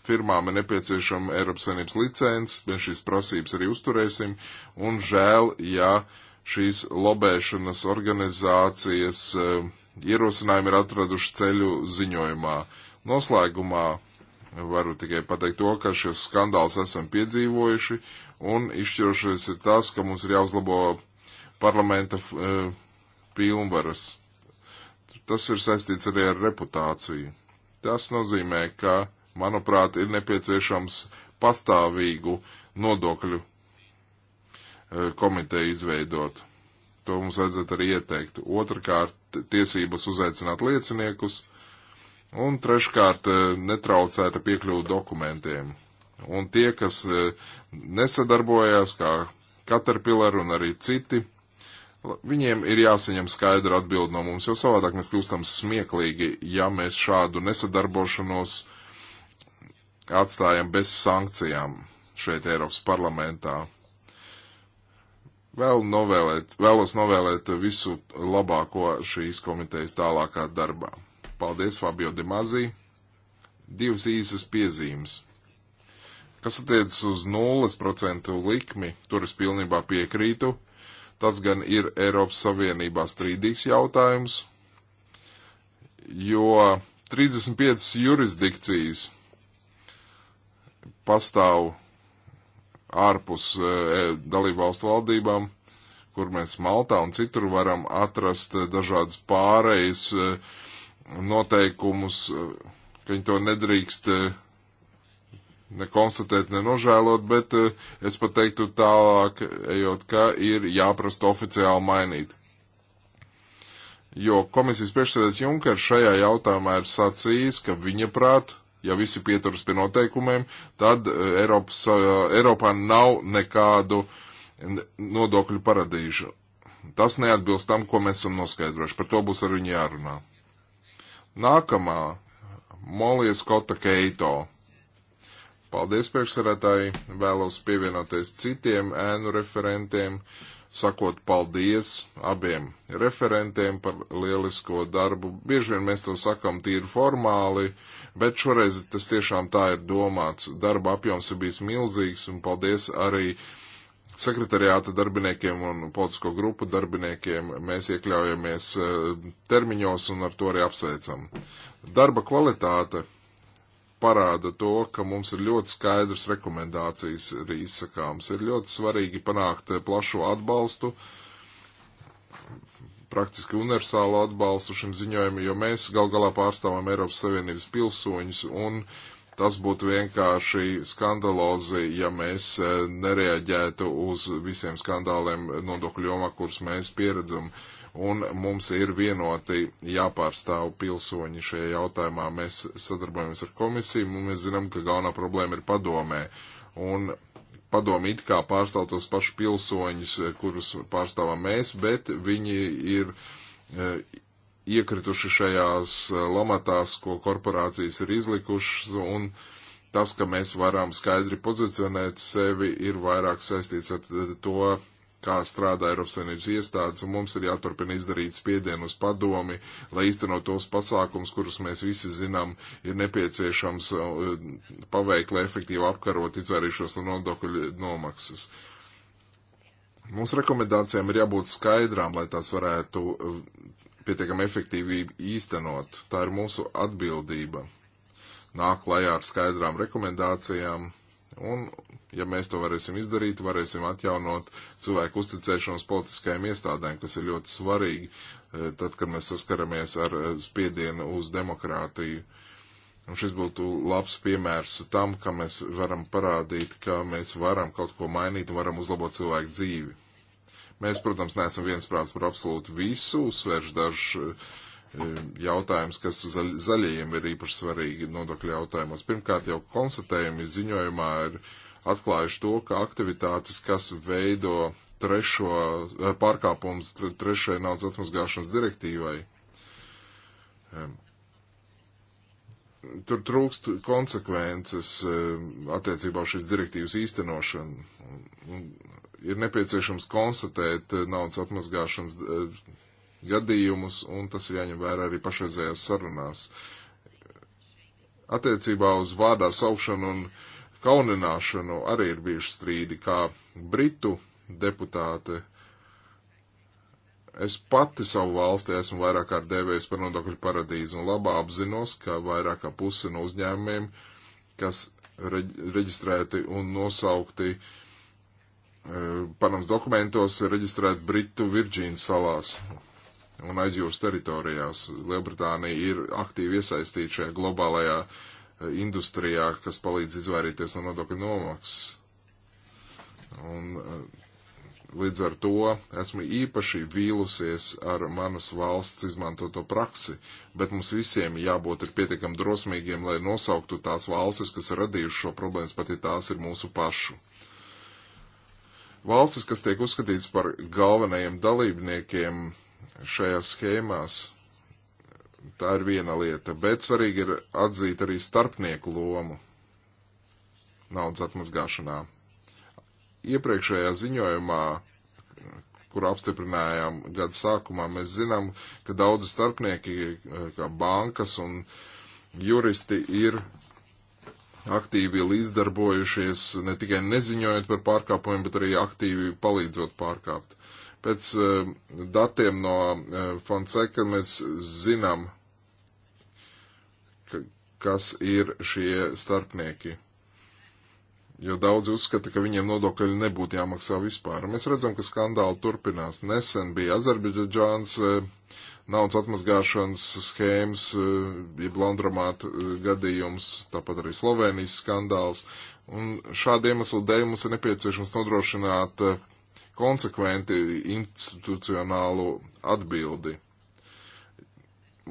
firmām ir nepieciešama Eiropas Savienības licence, mēs šīs prasības arī uzturēsim, un žēl, ja uh, šīs lobēšanas organizācijas e, ierosinājumi ir atraduši ceļu ziņojumā. Noslēgumā varu tikai pateikt to, ka šis skandāls esam piedzīvojuši, un izšķirošais ir tas, ka mums ir jāuzlabo parlamenta uh, pilnvaras. Tas ir saistīts arī ar reputāciju. Tas nozīmē, ka, manuprāt, ir nepieciešams pastāvīgu nodokļu Eh, komiteju izveidot. To mums vajadzētu arī ieteikt. Otrakārt, tiesības uzaicināt lieciniekus. Un treškārt, eh, netraucēta piekļuva dokumentiem. Un tie, kas eh, nesadarbojās, kā Caterpillar un arī citi, viņiem ir jāsaņem skaidra atbild no mums, jo savādāk mēs kļūstam smieklīgi, ja mēs šādu nesadarbošanos atstājam bez sankcijām šeit Eiropas parlamentā Vēl novēlēt, vēlos novēlēt visu labāko šīs komitejas tālākā darbā. Paldies, Fabio Demazī. Divas īsas piezīmes. Kas attiecas uz 0% likmi, tur es pilnībā piekrītu. Tas gan ir Eiropas Savienībā strīdīgs jautājums, jo 35 jurisdikcijas pastāv ārpus e, e, dalību valstu valdībām, kur mēs Maltā un citur varam atrast e, dažādas pārejas noteikumus, ka viņi to nedrīkst ne konstatēt, ne nožēlot, bet es pat teiktu tālāk, ejot, ka ir jāprast oficiāli mainīt. Jo komisijas priekšsēdētājs Junkers šajā jautājumā ir sacījis, ka viņa prāt ja visi pieturas pie noteikumiem, tad eh, Eiropas, eh, Eiropā nav nekādu nodokļu paradīžu. Tas neatbilst tam, ko mēs esam noskaidrojuši. Par to būs ar viņu jārunā. Nākamā Molijas Kota Keito. Paldies priekšsarētāji, vēlos pievienoties citiem ēnu referentiem. Uh, sakot paldies abiem referentiem par lielisko darbu. Bieži vien mēs to sakam tīri formāli, bet šoreiz tas tiešām tā ir domāts. Darba apjoms ir bijis milzīgs un paldies arī sekretariāta darbiniekiem un politisko grupu darbiniekiem. Mēs iekļaujamies eh, termiņos un ar to arī apsveicam. Darba kvalitāte parāda to, ka mums ir ļoti skaidrs rekomendācijas arī izsakāms. Ir ļoti svarīgi panākt plašo atbalstu, praktiski universālu atbalstu šim ziņojumam, jo mēs gal galā pārstāvam Eiropas Savienības pilsoņus un Tas būtu vienkārši skandalozi, ja mēs eh, nereaģētu uz visiem skandāliem nodokļu jomā, kurus mēs pieredzam. Uh, un mums ir vienoti jāpārstāv pilsoņi šajā jautājumā. Mēs sadarbojamies ar komisiju, un mēs zinām, ka galvenā problēma ir padomē. Un padomi it kā pārstāv tos pašus pilsoņus, kurus pārstāvam mēs, bet viņi ir e, iekrituši šajās e, lamatās, ko korporācijas ir izlikušas, un tas, ka mēs varam skaidri pozicionēt sevi, ir vairāk saistīts ar e, to, kā strādā Eiropas Savienības iestādes, un mums ir jāturpina izdarīt spiedienu uz padomi, lai īstenot tos pasākums, kurus mēs visi zinām, ir nepieciešams eh, paveikt, lai efektīvi apkarot izvairīšos no nodokļu nomaksas. Mūsu rekomendācijām ir jābūt skaidrām, lai tās varētu eh, pietiekami efektīvi īstenot. Tā ir mūsu atbildība. Nāk klajā ar skaidrām rekomendācijām un Ja mēs to varēsim izdarīt, varēsim atjaunot cilvēku uzticēšanos politiskajām iestādēm, kas ir ļoti svarīgi, e, tad, kad mēs saskaramies ar e, spiedienu uz demokrātiju. Un šis būtu labs piemērs tam, ka mēs varam parādīt, ka mēs varam kaut ko mainīt un varam uzlabot cilvēku dzīvi. Mēs, protams, neesam viensprāts par absolūti visu, uzsvērš dažs e, jautājums, kas zaļ, zaļajiem ir īpaši svarīgi nodokļu jautājumos. Pirmkārt, jau konstatējumi ziņojumā ir atklājuši to, ka aktivitātes, kas veido trešo eh, pārkāpums trešajai naudas atmazgāšanas direktīvai, tur trūkst konsekvences attiecībā uz šīs direktīvas īstenošanu. Ir nepieciešams konstatēt eh, naudas atmazgāšanas eh, gadījumus, un tas ir jāņem vērā arī pašreizējās sarunās. Attiecībā uz vārdā saukšanu un uh, kaunināšanu arī ir bijuši strīdi, kā Britu deputāte. Es pati savu valsti esmu vairāk kārt dēvējis par nodokļu paradīzi un labā apzinos, ka vairāk kā puse no uzņēmumiem, kas reģistrēti un nosaukti e, Panams dokumentos, ir reģistrēti Britu Virģīnas salās un aizjūras teritorijās. Lielbritānija ir aktīvi iesaistīta šajā globālajā uh, industrijā, kas palīdz izvairīties no nodokļu nomaksas. Un eh, līdz ar to esmu īpaši vīlusies ar manas valsts izmantoto praksi, bet mums visiem jābūt ir pietiekam drosmīgiem, lai nosauktu tās valstis, kas ir radījušas šo problēmas, pat ja tās ir mūsu pašu. Valstis, kas tiek uzskatīts par galvenajiem dalībniekiem šajās schēmās, Tā ir viena lieta, bet svarīgi ir atzīt arī starpnieku lomu naudas atmazgāšanā. Iepriekšējā ziņojumā, kur apstiprinājām gada sākumā, mēs zinām, ka daudzi starpnieki, kā bankas un juristi, ir aktīvi līdzdarbojušies, ne tikai neziņojot par pārkāpumiem, bet arī aktīvi palīdzot pārkāpt. Pēc e, datiem no e, Fonseca mēs zinām, kas ir šie starpnieki. Jo daudzi uzskata, ka viņiem nodokļi nebūtu jāmaksā vispār. Mēs redzam, ka skandāli turpinās. Nesen bija Azerbaidžāns e, naudas atmazgāšanas schēmas, jeb landramāta gadījums, tāpat arī Slovenijas skandāls. Un šādu iemeslu dēļ mums ir nepieciešams nodrošināt uh, konsekventi institucionālu atbildi.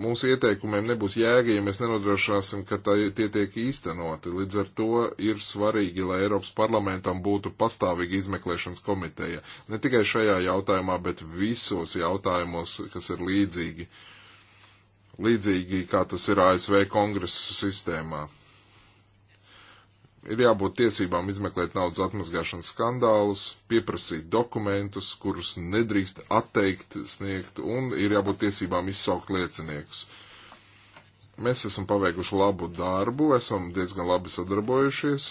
Mūsu ieteikumiem nebūs jēga, ja mēs nenodrošināsim, ka tā, tie tiek īstenoti. Līdz ar to ir svarīgi, lai Eiropas parlamentam būtu pastāvīga izmeklēšanas komiteja. Ne tikai šajā jautājumā, bet visos jautājumos, kas ir līdzīgi. Līdzīgi, kā tas ir ASV kongresa sistēmā. Ir jābūt tiesībām izmeklēt naudas atmazgāšanas skandālus, pieprasīt dokumentus, kurus nedrīkst atteikt sniegt, un ir jābūt tiesībām izsaukt lieciniekus. Mēs esam paveikuši labu darbu, esam diezgan labi sadarbojušies,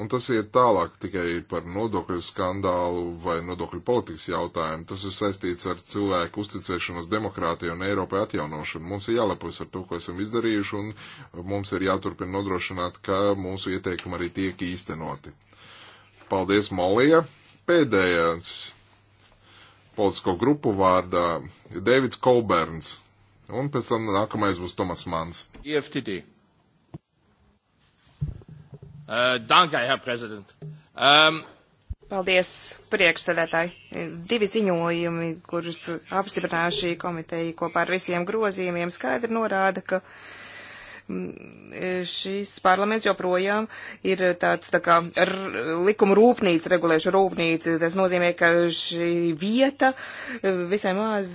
Un tas iet tālāk tikai par nodokļu skandālu vai nodokļu politikas jautājumu. Tas ir saistīts ar cilvēku uzticēšanos demokrātijai un Eiropai atjaunošanu. Mums ir jālepojas ar to, ko esam izdarījuši, un mums ir jāturpina nodrošināt, ka mūsu ieteikumi arī tiek īstenoti. Paldies, Molija! Pēdējais politisko grupu vārdā Davids Kolberns, un pēc tam nākamais būs Tomas Mans. EFTD. Uh, danke, Herr Präsident. Um, Paldies, priekšsēdētāji. Divi ziņojumi, kurus apstiprināja šī komiteja kopā ar visiem grozījumiem, skaidri norāda, ka uh, šis parlaments joprojām ir tāds tā kā likuma rūpnīca, regulēša rūpnīca. Tas nozīmē, ka šī vieta e, visai maz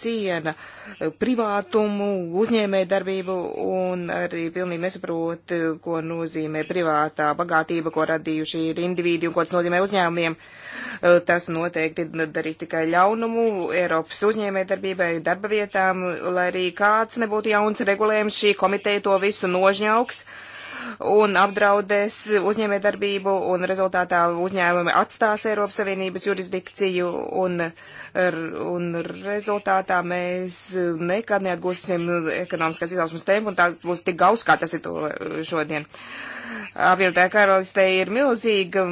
ciena e, privātumu, uzņēmē darbību un arī pilnīgi nesaprot, e, ko nozīmē privātā bagātība, ko radījuši ir individi un ko tas nozīmē uzņēmumiem. Tas noteikti darīs tikai ļaunumu Eiropas uzņēmē darbībai, darba vietām, lai arī kāds nebūtu jauns regulējums šī komiteja to visu nožņauks un apdraudēs uzņēmējdarbību, un rezultātā uzņēmumi atstās Eiropas Savienības jurisdikciju, un, un rezultātā mēs nekad neatgūsim ekonomiskās izaugsmas tempu, un tāds būs tik gaus, kā tas ir to šodien. Uh, apvienotā karalistē ir milzīga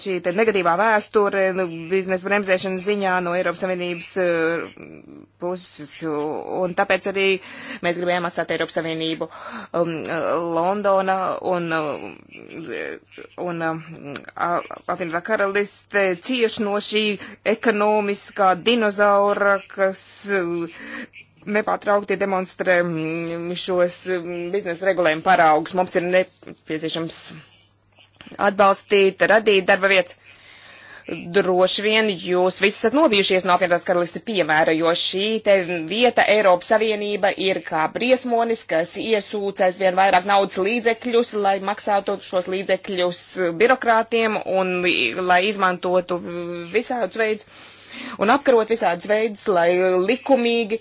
šī te negatīvā vēsture nu, biznesa bremzēšana ziņā no Eiropas Savienības e, puses, un tāpēc arī mēs gribējām atstāt Eiropas Savienību um, e, Londona un, e, un apvienotā karalistē cieš no šī ekonomiskā dinozaura, kas nepārtraukti demonstrē mm, šos mm, biznesa regulējumu paraugus. Mums ir nepieciešams atbalstīt, radīt darba vietas. Droši vien jūs visi esat nobijušies no apvienotās karalisti piemēra, jo šī te vieta Eiropas Savienība ir kā briesmonis, kas iesūcēs vien vairāk naudas līdzekļus, lai maksātu šos līdzekļus birokrātiem un lai izmantotu mm, visādus veidus un apkarot visādas veids, lai likumīgi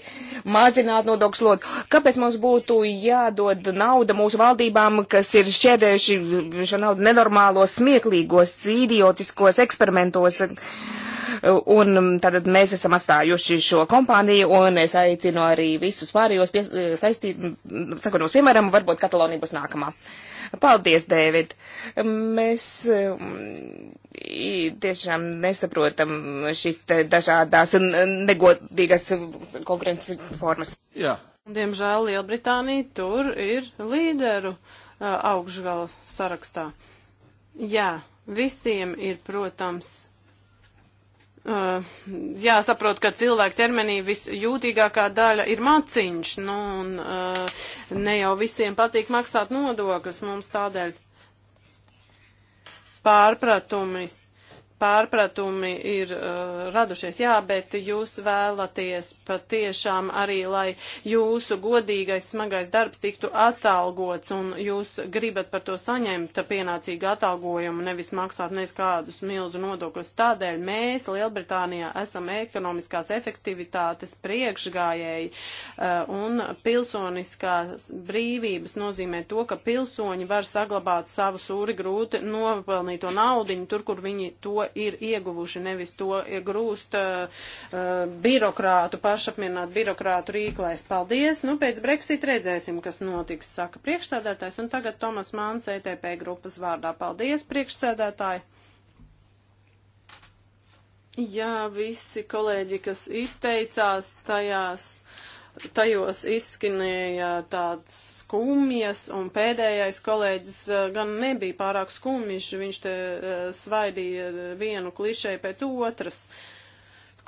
mazinātu nodokļu slodu. Kāpēc mums būtu jādod nauda mūsu valdībām, kas ir šķērdējuši šo naudu nenormālos, smieklīgos, idiotiskos eksperimentos? un tātad mēs esam atstājuši šo kompāniju, un es aicinu arī visus pārējos saistīt, sakotos, piemēram, varbūt Katalonija būs nākamā. Uh, Paldies, Dēvid! Mēs um, tiešām nesaprotam šīs dažādās negodīgas konkurences formas. Jā. Diemžēl Lielbritānija tur ir līderu uh, augšgala sarakstā. Jā, visiem ir, protams, Uh, jāsaprot, ka cilvēka ķermenī visjūtīgākā daļa ir maciņš, nu, un uh, ne jau visiem patīk maksāt nodokļus, mums tādēļ pārpratumi pārpratumi ir uh, radušies, jā, bet jūs vēlaties patiešām arī, lai jūsu godīgais smagais darbs tiktu atalgots un jūs gribat par to saņemt pienācīgu atalgojumu, nevis maksāt neskādus milzu nodokļus. Tādēļ mēs Lielbritānijā esam ekonomiskās efektivitātes priekšgājēji uh, un pilsoniskās brīvības nozīmē to, ka pilsoņi var saglabāt savu sūri grūti nopelnīto naudiņu tur, kur viņi to ir ieguvuši, nevis to ir grūst uh, birokrātu, pašapmierināt birokrātu rīklēs. Paldies! Nu, pēc Brexit redzēsim, kas notiks, saka priekšsēdētājs. Un tagad Tomas Mans, ETP grupas vārdā. Paldies, priekšsēdētāji! Jā, visi kolēģi, kas izteicās tajās. Uh, tajos izskanēja tāds skumjas, un pēdējais kolēģis eh, gan nebija pārāk skumjš, viņš te eh, svaidīja vienu klišēju pēc otras. Uh,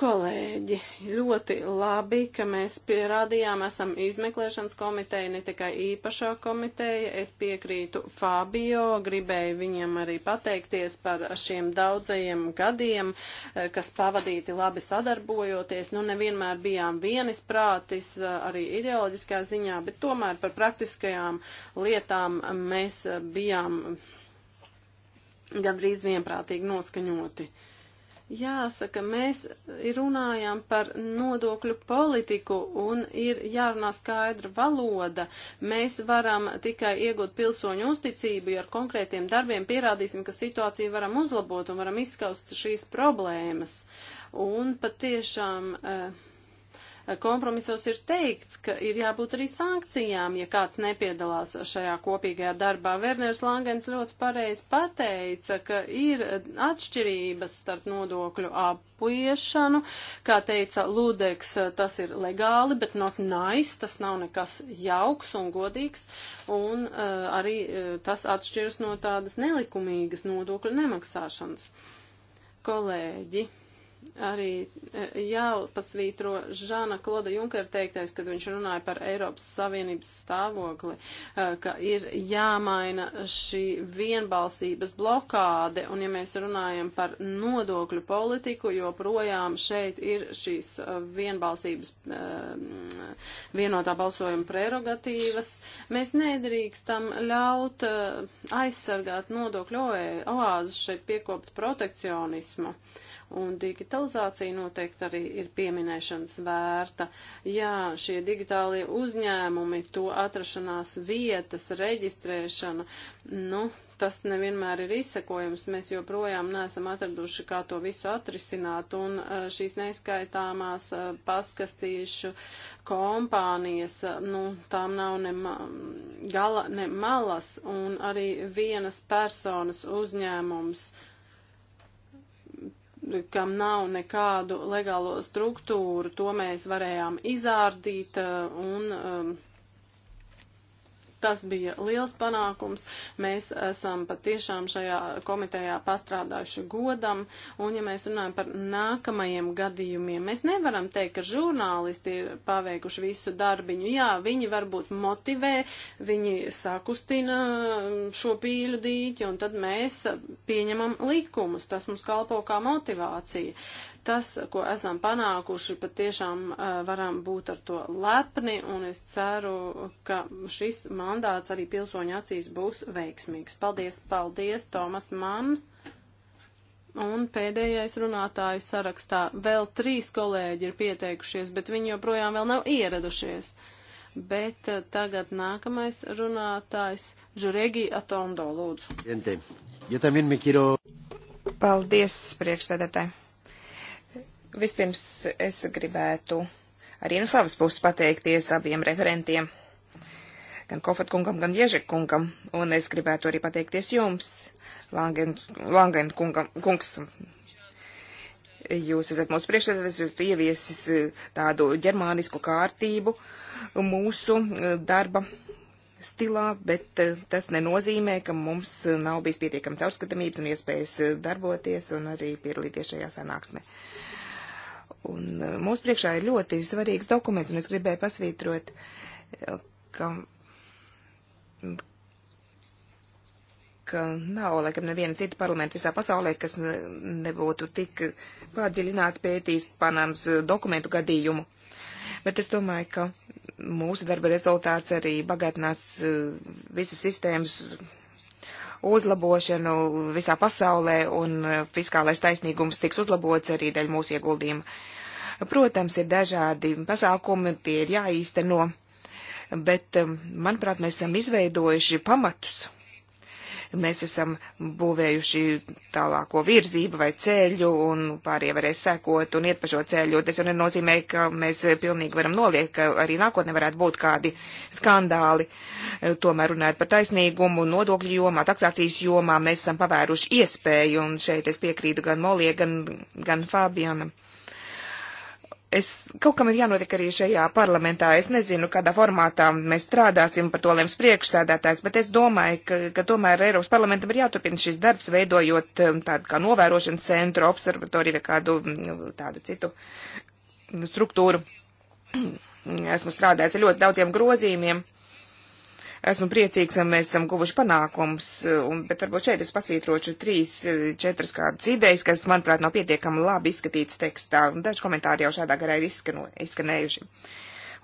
Kolēģi, ļoti labi, ka mēs pierādījām, esam izmeklēšanas komiteja, ne tikai īpašā komiteja. Es piekrītu Fabio, gribēju viņam arī pateikties par šiem daudzajiem gadiem, eh, kas pavadīti labi sadarbojoties. Nu, nevienmēr bijām vienis prātis, eh, arī ideoloģiskā ziņā, bet tomēr par praktiskajām lietām mēs eh, bijām gandrīz vienprātīgi noskaņoti. Jāsaka, mēs runājam par nodokļu politiku un ir jārunā skaidra valoda. Mēs varam tikai iegūt pilsoņu uzticību, ja ar konkrētiem darbiem pierādīsim, ka situāciju varam uzlabot un varam izskaust šīs problēmas. Un patiešām. Uh, kompromisos ir teikts, ka ir jābūt arī sankcijām, ja kāds nepiedalās šajā kopīgajā darbā. Werners Langens ļoti pareizi pateica, ka ir atšķirības starp nodokļu apiešanu. Kā teica Ludeks, tas ir legāli, bet not nice, tas nav nekas jauks un godīgs. Un uh, arī uh, tas atšķiras no tādas nelikumīgas nodokļu nemaksāšanas. Kolēģi arī e, jāpasvītro Žana Kloda Junkera teiktais, kad viņš runāja par Eiropas Savienības stāvokli, e, ka ir jāmaina šī vienbalsības blokāde, un ja mēs runājam par nodokļu politiku, jo projām šeit ir šīs e, vienbalsības vienotā balsojuma prerogatīvas, mēs nedrīkstam ļaut aizsargāt nodokļu oāzes šeit piekopt protekcionismu. Uh, un digitalizācija noteikti arī ir pieminēšanas vērta. Jā, šie digitālie uzņēmumi, to atrašanās vietas, reģistrēšana, nu, tas nevienmēr ir izsekojums. Mēs joprojām neesam atraduši, kā to visu atrisināt, un e, šīs neskaitāmās e, paskastīšu kompānijas, e, nu, tām nav ne gala, ne malas, un arī vienas personas uzņēmums. Uh, kam nav nekādu legālo struktūru, to mēs varējām izārdīt eh, un eh, Tas bija liels panākums. Mēs esam patiešām šajā komitejā pastrādājuši godam. Un, ja mēs runājam par nākamajiem gadījumiem, mēs nevaram teikt, ka žurnālisti ir paveikuši visu darbiņu. Jā, viņi varbūt motivē, viņi sakustina šo pīļu dīķi, un tad mēs pieņemam likumus. Tas mums kalpo kā motivācija. Tas, ko esam panākuši, patiešām eh, varam būt ar to lepni, un es ceru, ka šis mandāts arī pilsoņu acīs būs veiksmīgs. Paldies, paldies, Tomas Mann! Un pēdējais runātājs sarakstā. Vēl trīs kolēģi ir pieteikušies, bet viņi joprojām vēl nav ieradušies. Bet eh, tagad nākamais runātājs - Žuregi Atondo, lūdzu. Paldies, priekšsēdētāji. Vispirms es gribētu arī no savas puses pateikties abiem referentiem, gan Kofatkungam, gan Ježekungam, un es gribētu arī pateikties jums, Langen, Langen kungam, kungs. Jūs esat mūsu priekšsēdētājs, jūs ieviesis eh, tādu ģermānisku kārtību mūsu eh, darba stilā, bet eh, tas nenozīmē, ka mums nav bijis pietiekams caurskatamības un iespējas darboties un arī piedalīties šajā sanāksmē. Uh, Un e, mūsu priekšā ir ļoti svarīgs dokuments, un es gribēju pasvītrot, e, ka, ka nav, laikam, neviena cita parlamenta visā pasaulē, kas nebūtu tik padziļināti pētījis panāms dokumentu gadījumu. Bet es domāju, ka mūsu darba rezultāts arī bagātinās e, visas sistēmas uzlabošanu visā pasaulē, un eh, fiskālais taisnīgums tiks uzlabots arī daļ mūsu ieguldījuma. Protams, ir dažādi pasākumi, tie ir jāīsteno, bet, eh, manuprāt, mēs esam izveidojuši pamatus mēs esam būvējuši tālāko virzību vai ceļu, un pārējie varēs sekot un iet pa šo ceļu. Tas jau nenozīmē, ka mēs pilnīgi varam noliekt, ka arī nākotnē varētu būt kādi skandāli. Tomēr runājot par taisnīgumu, nodokļu jomā, taksācijas jomā, mēs esam pavēruši iespēju, un šeit es piekrītu gan Molie, gan, gan Fabianam. Es, kaut kam ir jānotiek arī šajā parlamentā. Es nezinu, kādā formātā mēs strādāsim par to lems priekšsēdētājs, bet es domāju, ka, ka tomēr Eiropas parlamentam ir jāturpina šis darbs, veidojot um, tādu kā novērošanas centru, observatoriju vai kādu mm, tādu citu mm, struktūru. Esmu strādājis ar ļoti daudziem grozījumiem. Uh, Esmu priecīgs, ka mēs esam guvuši panākums, un, bet varbūt šeit es pasvītrošu trīs, četras kādas idejas, kas, manuprāt, nav pietiekami labi izskatītas tekstā, un daži komentāri jau šādā garā ir izskanu, izskanējuši.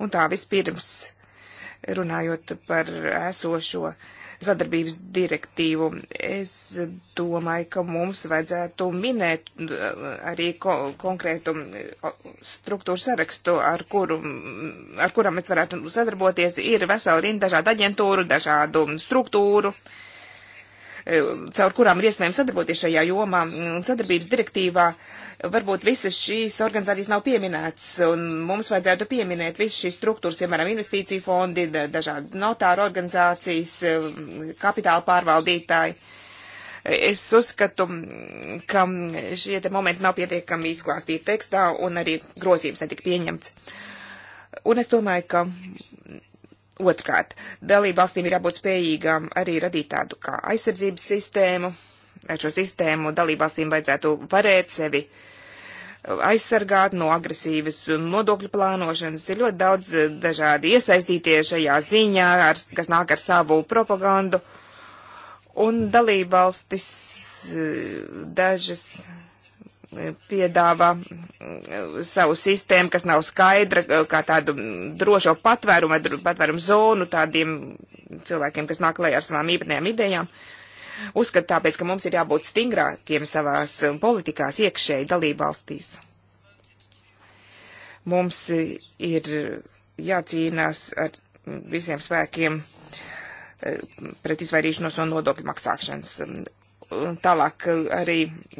Un tā vispirms runājot par esošo uh, sadarbības direktīvu. Es domāju, ka mums vajadzētu minēt uh, arī ko, konkrētu uh, struktūru sarakstu, ar, kuru, ar kuram mēs varētu sadarboties. Ir vesela rinda dažādu aģentūru, dažādu struktūru. Uh, caur kurām ir iespējams sadarboties šajā jomā. Sadarbības direktīvā varbūt visas šīs organizācijas nav pieminētas, un mums vajadzētu pieminēt visas šīs struktūras, piemēram, investīciju fondi, dažādi notāru organizācijas, kapitāla pārvaldītāji es uzskatu, ka šie te momenti nav pietiekami izklāstīti tekstā un arī grozījums netika pieņemts. Un es domāju, ka Otrkārt, dalībvalstīm ir jābūt spējīgām arī radīt tādu kā aizsardzības sistēmu. Ar šo sistēmu dalībvalstīm vajadzētu varēt sevi uh, aizsargāt no agresīvas nodokļu plānošanas. Ir ļoti daudz uh, dažādi iesaistītie šajā ziņā, ar, kas nāk ar savu propagandu. Un dalībvalstis uh, dažas piedāvā mm, savu sistēmu, kas nav skaidra, kā tādu drošo patvērumu, patvērumu zonu tādiem cilvēkiem, kas nāk klajā ar savām īpatnējām idejām. Uzskat tāpēc, ka mums ir jābūt stingrākiem savās politikās iekšēji dalību valstīs. Mums ir jācīnās ar visiem spēkiem eh, pret izvairīšanos no nodokļu maksāšanas tālāk eh, arī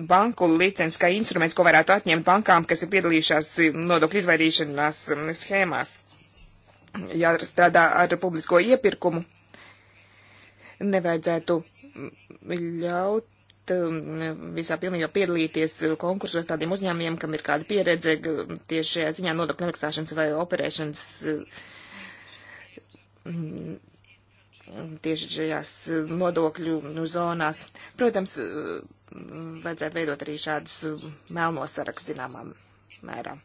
banku licences kā instruments, ko varētu atņemt bankām, kas ir piedalījušās eh, nodokļu izvairīšanās mm, schēmās. Jāstrādā ar publisko iepirkumu. Nevajadzētu mm, ļaut mm, visā pilnībā piedalīties konkursos tādiem uzņēmumiem, kam ir kāda pieredze tieši šajā ziņā nodokļu nemaksāšanas vai operēšanas tieši šajās eh, nodokļu zonās. Protams, eh, vajadzētu veidot arī šādus eh, melnos sarakstus zināmām mērā.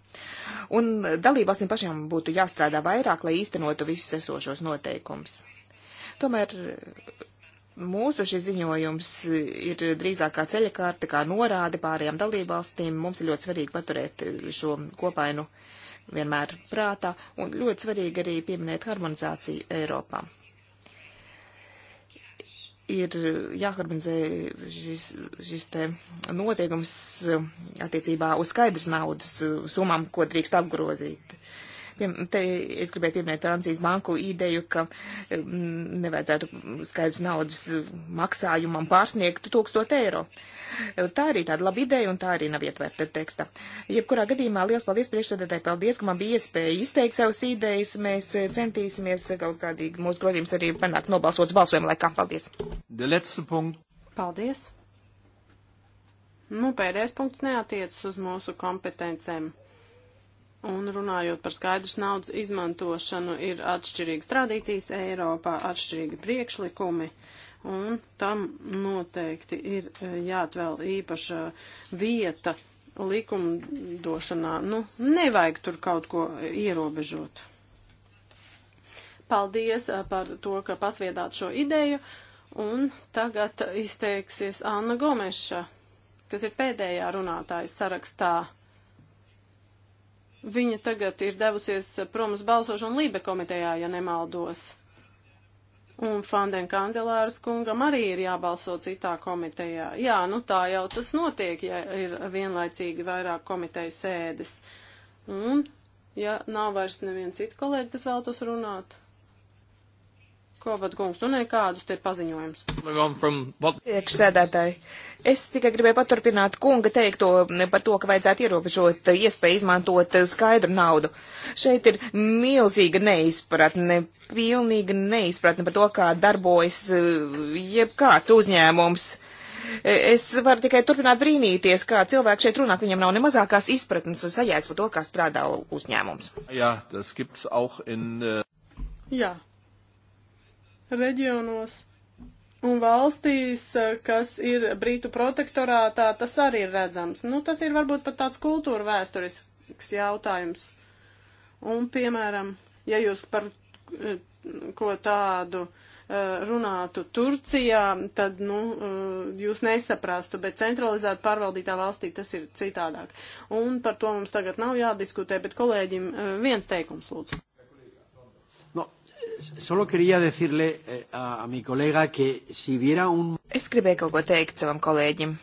Un dalībvalstīm pašām būtu jāstrādā vairāk, lai īstenotu visus esošos noteikumus. Tomēr mūsu šis ziņojums ir drīzāk kā ceļakārte, kā norāde pārējām dalībvalstīm. Mums ir ļoti svarīgi paturēt šo kopainu vienmēr prātā un ļoti svarīgi arī pieminēt harmonizāciju Eiropā ir jāharmonizē šis, šis te noteikums attiecībā uz skaidrs naudas summām, ko drīkst apgrozīt. Te es gribēju pieminēt Francijas banku ideju, ka mm, nevajadzētu skaidrs naudas maksājumam pārsniegt 1000 eiro. Tā arī tāda laba ideja, un tā arī nav ietverta teksta. Jebkurā gadījumā liels paldies priekšsēdētāji, paldies, ka man bija iespēja izteikt savas idejas. Mēs eh, centīsimies kaut kādīgi mūsu grozījums arī panākt nobalsots balsojuma laikā. Paldies! Paldies! Nu, pēdējais punkts neatiecas uz mūsu kompetencēm. Un runājot par skaidrs naudas izmantošanu, ir atšķirīgas tradīcijas Eiropā, atšķirīgi priekšlikumi, un tam noteikti ir e, jāatvēl īpaša vieta likumdošanā. Nu, nevajag tur kaut ko ierobežot. Paldies e, par to, ka pasviedāt šo ideju, un tagad izteiksies Anna Gomeša, kas ir pēdējā runātāja sarakstā. Viņa tagad ir devusies prom uz balsošanu Lībe komitejā, ja nemaldos. Un Fanden Kandelāras kungam arī ir jābalso citā komitejā. Jā, nu tā jau tas notiek, ja ir vienlaicīgi vairāk komiteju sēdes. Un, ja nav vairs neviens cits kolēģi, kas vēltos runāt. Kobat kungs, nu nekādus te paziņojums. Priekšsēdētāji, es tikai gribēju paturpināt kunga teikto par to, ka vajadzētu ierobežot iespēju izmantot skaidru naudu. Šeit ir milzīga neizpratne, pilnīga neizpratne par to, kā darbojas eh, jebkāds uzņēmums. Es varu tikai turpināt brīnīties, kā cilvēki šeit runā, ka viņam nav ne mazākās izpratnes un sajēdz par to, kā strādā uzņēmums. Jā, tas gibts auch in. Uh... Jā, reģionos un valstīs, eh, kas ir Brītu protektorātā, tas arī ir redzams. Nu, tas ir varbūt pat tāds kultūra vēsturisks jautājums. Un, piemēram, ja jūs par eh, ko tādu eh, runātu Turcijā, tad, nu, jūs nesaprastu, bet centralizēt pārvaldītā valstī tas ir citādāk. Un par to mums tagad nav jādiskutē, bet kolēģim viens teikums lūdzu solo quería decirle eh, a, a mi colega que si viera un. Es gribēju kaut ko teikt savam kolēģim.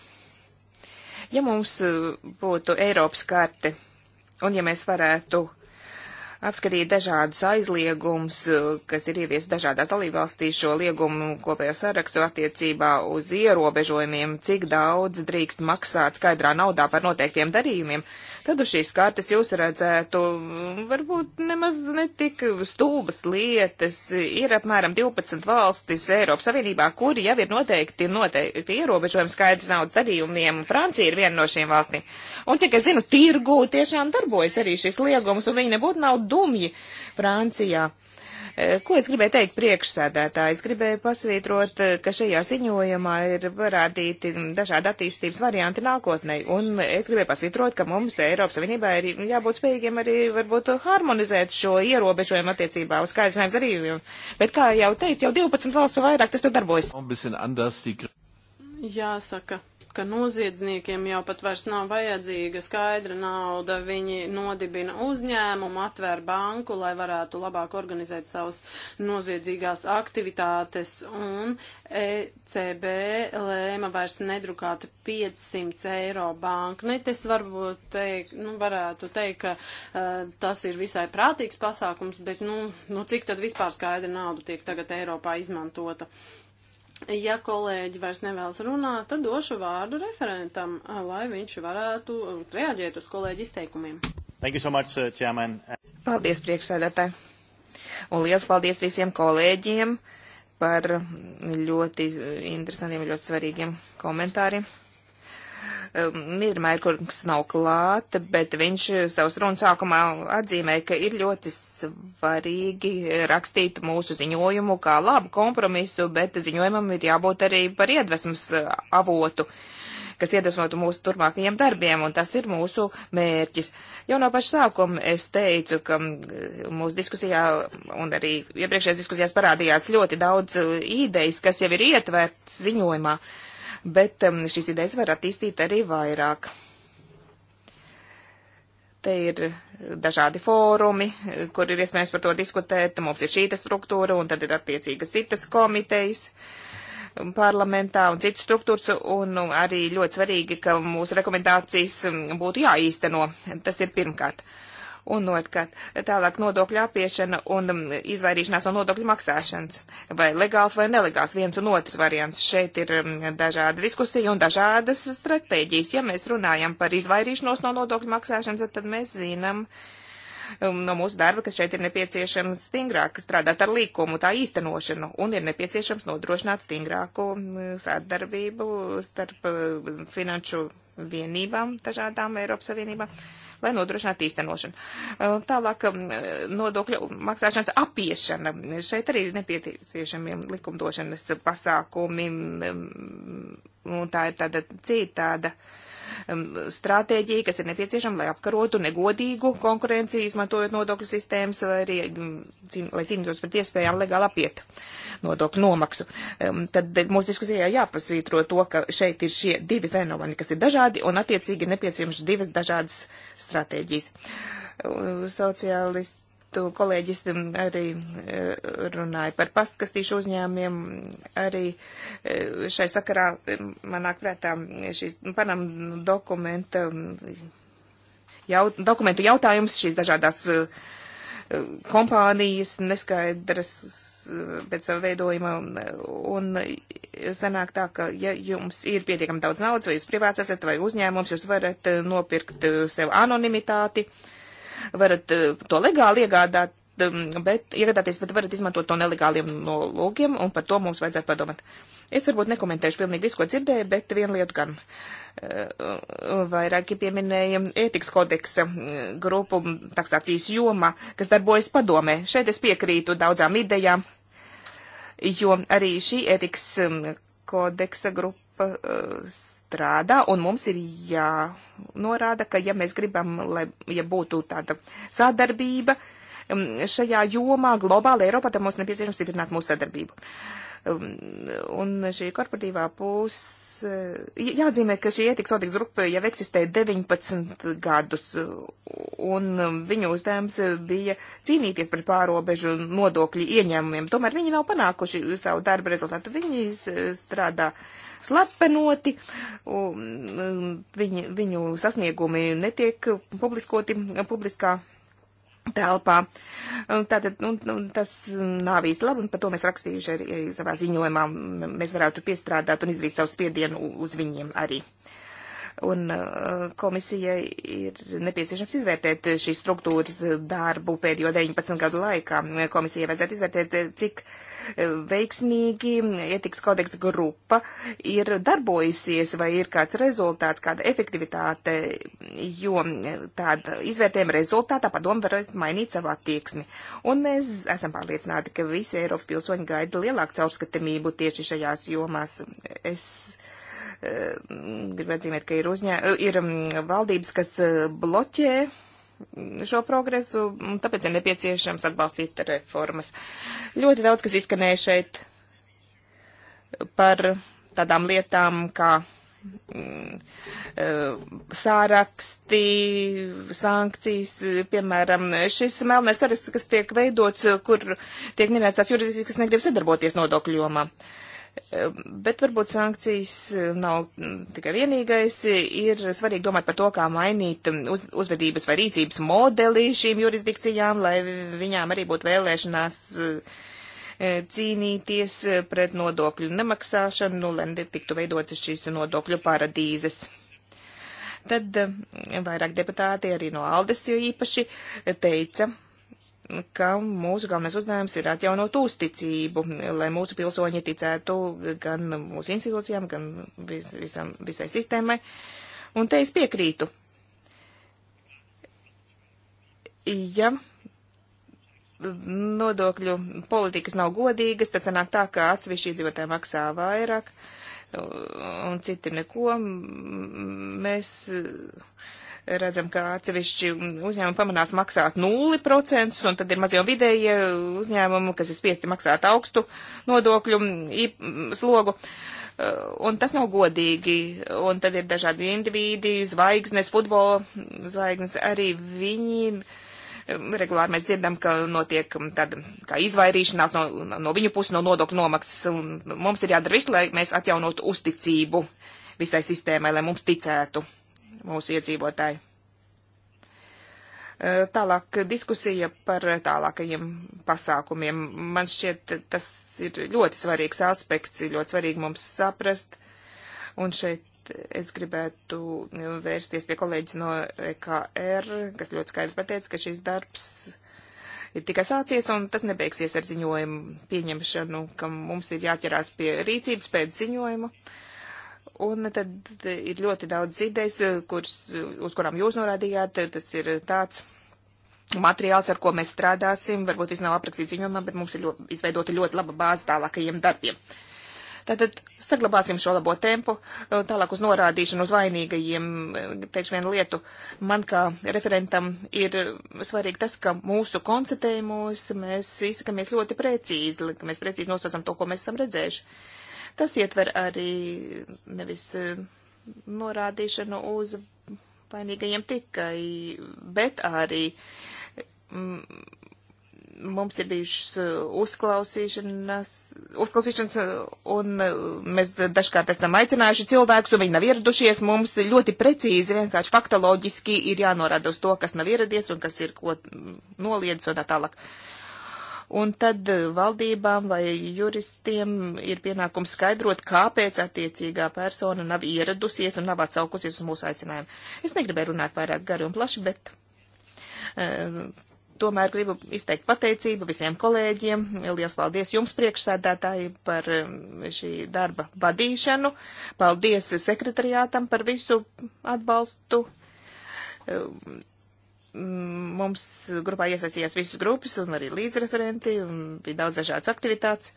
Ja mums eh, būtu Eiropas karte, un ja mēs varētu apskatīt dažādus aizliegumus, kas ir ievies dažādās dalībvalstīs šo liegumu kopējo sarakstu attiecībā uz ierobežojumiem, cik daudz drīkst maksāt skaidrā naudā par noteiktiem darījumiem, tad uz šīs kartes jūs redzētu varbūt nemaz netik stulbas lietas. Ir apmēram 12 valstis Eiropas Savienībā, kuri jau ir noteikti, noteikti ierobežojumi skaidrs naudas darījumiem, un Francija ir viena no šīm valstīm. Un, cik es zinu, tirgu tiešām darbojas arī šis liegums, un viņi nebūtu nav dumji Francijā. E, ko es gribēju teikt priekšsēdētāji? Es gribēju pasvītrot, e, ka šajā ziņojumā ir parādīti dažādi attīstības varianti nākotnē, un es gribēju pasvītrot, ka mums Eiropas Savienībā ir jābūt spējīgiem arī varbūt harmonizēt šo ierobežojumu attiecībā uz skaidrinājumu darījumiem. Bet, kā jau teicu, jau 12 valsts vairāk tas tur darbojas. Jāsaka, ka noziedzniekiem jau pat vairs nav vajadzīga skaidra nauda, viņi nodibina uzņēmumu, atver banku, lai varētu labāk organizēt savus noziedzīgās aktivitātes, un ECB lēma vairs nedrukāt 500 eiro banknetes, varbūt teikt, nu, varētu teikt, ka uh, tas ir visai prātīgs pasākums, bet, nu, nu, cik tad vispār skaidra nauda tiek tagad Eiropā izmantota? Uh, Ja kolēģi vairs nevēlas runāt, tad došu vārdu referentam, lai viņš varētu reaģēt uz kolēģi izteikumiem. Thank you so much, uh, Chairman. Paldies, priekšsēdētāji. Un liels paldies visiem kolēģiem par ļoti interesantiem, ļoti svarīgiem komentāriem. Mīrmēr, um, kurš nav klāta, bet viņš savus runas sākumā atzīmē, ka ir ļoti svarīgi rakstīt mūsu ziņojumu kā labu kompromisu, bet ziņojumam ir jābūt arī par iedvesmas avotu kas iedvesmotu mūsu turpmākajiem darbiem, un tas ir mūsu mērķis. Jau no paša sākuma es teicu, ka mūsu diskusijā un arī iepriekšējās diskusijās parādījās ļoti daudz idejas, kas jau ir ietverts ziņojumā. Uh, bet um, šīs idejas var attīstīt arī vairāk. Te ir dažādi fórumi, kur ir iespējams par to diskutēt. Mums ir šīta struktūra un tad ir attiecīgas citas komitejas parlamentā un citas struktūras, un nu, arī ļoti svarīgi, ka mūsu rekomendācijas um, būtu jāīsteno. Tas ir pirmkārt. Uh, un notkat. Tālāk nodokļu apiešana un um, izvairīšanās no nodokļu maksāšanas. Vai legāls vai nelegāls viens un otrs variants. Šeit ir um, dažāda diskusija un dažādas stratēģijas. Ja mēs runājam par izvairīšanos no nodokļu maksāšanas, tad mēs zinām um, no mūsu darba, ka šeit ir nepieciešams stingrāk strādāt ar līkumu, tā īstenošanu, un ir nepieciešams nodrošināt stingrāku sādarbību starp uh, finanšu vienībām, dažādām Eiropas Savienībām. Uh, lai nodrošinātu īstenošanu. Uh, tālāk um, nodokļu maksāšanas apiešana. Šeit arī ir nepieciešami likumdošanas pasākumi. Um, un tā ir tāda citāda. Tāda Um, stratēģija, kas ir nepieciešama, lai apkarotu negodīgu konkurenci, izmantojot nodokļu sistēmas, vai arī, um, cīn, lai cīnītos pret iespējām legāli apiet nodokļu nomaksu. Um, tad mūsu diskusijā jāpasvītro to, ka šeit ir šie divi fenomeni, kas ir dažādi, un attiecīgi ir nepieciešams divas dažādas stratēģijas. Uh, sociālisti Tu kolēģis arī eh, runāja par pastkastīšu uzņēmiem, arī eh, šai sakarā eh, manāk prātā šīs panam dokumenta, mm, jau, dokumentu jautājums, šīs dažādās kompānijas neskaidras pēc sava veidojuma, un sanāk tā, ka ja jums ir pietiekami daudz naudas, vai jūs privāts esat vai uzņēmums, jūs varat nopirkt sev anonimitāti, uh, varat eh, to legāli iegādāt, um, bet iegādāties, bet varat izmantot to nelegāliem nolūgiem, un par to mums vajadzētu padomāt. Es varbūt nekomentēšu pilnīgi visu, ko dzirdēju, bet vienu lietu gan. Eh, vairāki pieminēja ētikas kodeksa eh, grupu taksācijas jomā, kas darbojas padomē. Šeit es piekrītu daudzām idejām, jo arī šī ētikas kodeksa grupa strādā, un mums ir jānorāda, ka ja mēs gribam, lai ja būtu tāda sadarbība um, šajā jomā globāli Eiropā, tad mums nepieciešams stiprināt mūsu sadarbību. Um, un šī korporatīvā puse, jāatzīmē, ka šī ētikas kodeks grupa jau eksistē 19 gadus, un um, viņu uzdevums bija cīnīties pret pārobežu nodokļu ieņēmumiem. Tomēr viņi nav panākuši savu darbu rezultātu. Viņi strādā uh, slepenoti, um, viņu, viņu sasniegumi netiek publiskoti publiskā telpā. Tātad nu, nu, tas nav īsti labi, un par to mēs rakstījuši arī, arī savā ziņojumā. Mēs varētu piestrādāt un izdarīt savu spiedienu uz viņiem arī. Un uh, komisija ir nepieciešams izvērtēt šīs struktūras darbu pēdējo 19 gadu laikā. Komisija vajadzētu izvērtēt, cik uh, veiksmīgi etikas kodeksa grupa ir darbojusies, vai ir kāds rezultāts, kāda efektivitāte, jo tāda izvērtējuma rezultātā padomu var mainīt savu attieksmi. Un mēs esam pārliecināti, ka visi Eiropas pilsoņi gaida lielāku caurskatamību tieši šajās jomās. Es eh, gribētu zīmēt, ka ir, uzņē, ir mm, valdības, kas eh, bloķē šo progresu, un tāpēc ir nepieciešams atbalstīt reformas. Ļoti daudz, kas izskanēja šeit par tādām lietām kā mm, eh, sāraksti, sankcijas, piemēram, šis melnais saraksts, kas tiek veidots, kur tiek minēts tās jurisdikcijas, kas negrib sadarboties nodokļu jomā. Uh, Bet varbūt sankcijas nav tikai vienīgais. Ir svarīgi domāt par to, kā mainīt uz, uzvedības vai rīcības modeli šīm jurisdikcijām, lai viņām arī būtu vēlēšanās e, cīnīties pret nodokļu nemaksāšanu, nu, lai netiktu veidotas šīs nodokļu paradīzes. Tad e, vairāk deputāti arī no Aldes jo īpaši teica, ka mūsu galvenais uzdevums ir atjaunot uzticību, lai mūsu pilsoņi ticētu gan mūsu institūcijām, gan vis, visam, visai sistēmai. Un te es piekrītu. Ja nodokļu politikas nav godīgas, tad sanāk tā, ka atsevišķi iedzīvotāji maksā vairāk un citi neko. Mēs redzam, ka atsevišķi uzņēmumi pamanās maksāt 0%, un tad ir mazie un vidējie uzņēmumi, kas ir spiesti maksāt augstu nodokļu slogu. Uh, un tas nav godīgi. Un tad ir dažādi indivīdi, zvaigznes, futbola zvaigznes, arī viņi um, regulāri mēs dzirdam, ka notiek um, tāda kā izvairīšanās no, no viņu puses no nodokļu nomaksas. Un mums ir jādara viss, lai mēs atjaunotu uzticību visai sistēmai, lai mums ticētu mūsu iedzīvotāji. Tālāk diskusija par tālākajiem pasākumiem. Man šķiet, tas ir ļoti svarīgs aspekts, ļoti svarīgi mums saprast. Un šeit es gribētu vērsties pie kolēģis no EKR, kas ļoti skaidri pateica, ka šis darbs ir tikai sācies un tas nebeigsies ar ziņojumu pieņemšanu, ka mums ir jāķerās pie rīcības pēc ziņojuma. Uh, Un tad ir ļoti daudz idejas, kurs, uz kurām jūs norādījāt. Tas ir tāds materiāls, ar ko mēs strādāsim. Varbūt viss nav aprakstīts ziņojumā, bet mums ir ļoti, izveidota ļoti laba bāze tālākajiem darbiem. Tātad saglabāsim šo labo tempu, tālāk uz norādīšanu uz vainīgajiem, teikšu vienu lietu. Man kā referentam ir svarīgi tas, ka mūsu konstatējumos mēs izsakamies ļoti precīzi, ka mēs precīzi nosacam to, ko mēs esam redzējuši. Uh, Tas ietver arī nevis eh, norādīšanu uz vainīgajiem tikai, bet arī mm, mums ir bijušas eh, uzklausīšanas, uzklausīšanas, eh, un mēs dažkārt esam aicinājuši cilvēkus, un viņi nav ieradušies. Mums ļoti precīzi, vienkārši faktoloģiski ir jānorāda uz to, kas nav ieradies un kas ir ko mm, noliedz un tā tālāk. Uh, un tad eh, valdībām vai juristiem ir pienākums skaidrot, kāpēc attiecīgā persona nav ieradusies un nav atsaukusies uz mūsu aicinājumu. Es negribēju runāt pārāk gari un plaši, bet. Uh, tomēr gribu izteikt pateicību visiem kolēģiem. Lielas paldies jums, priekšsēdētāji, par eh, šī darba vadīšanu. Paldies sekretariātam par visu atbalstu. Mm, mums grupā iesaistījās visas grupas un arī līdzreferenti, un bija daudz dažādas aktivitātes.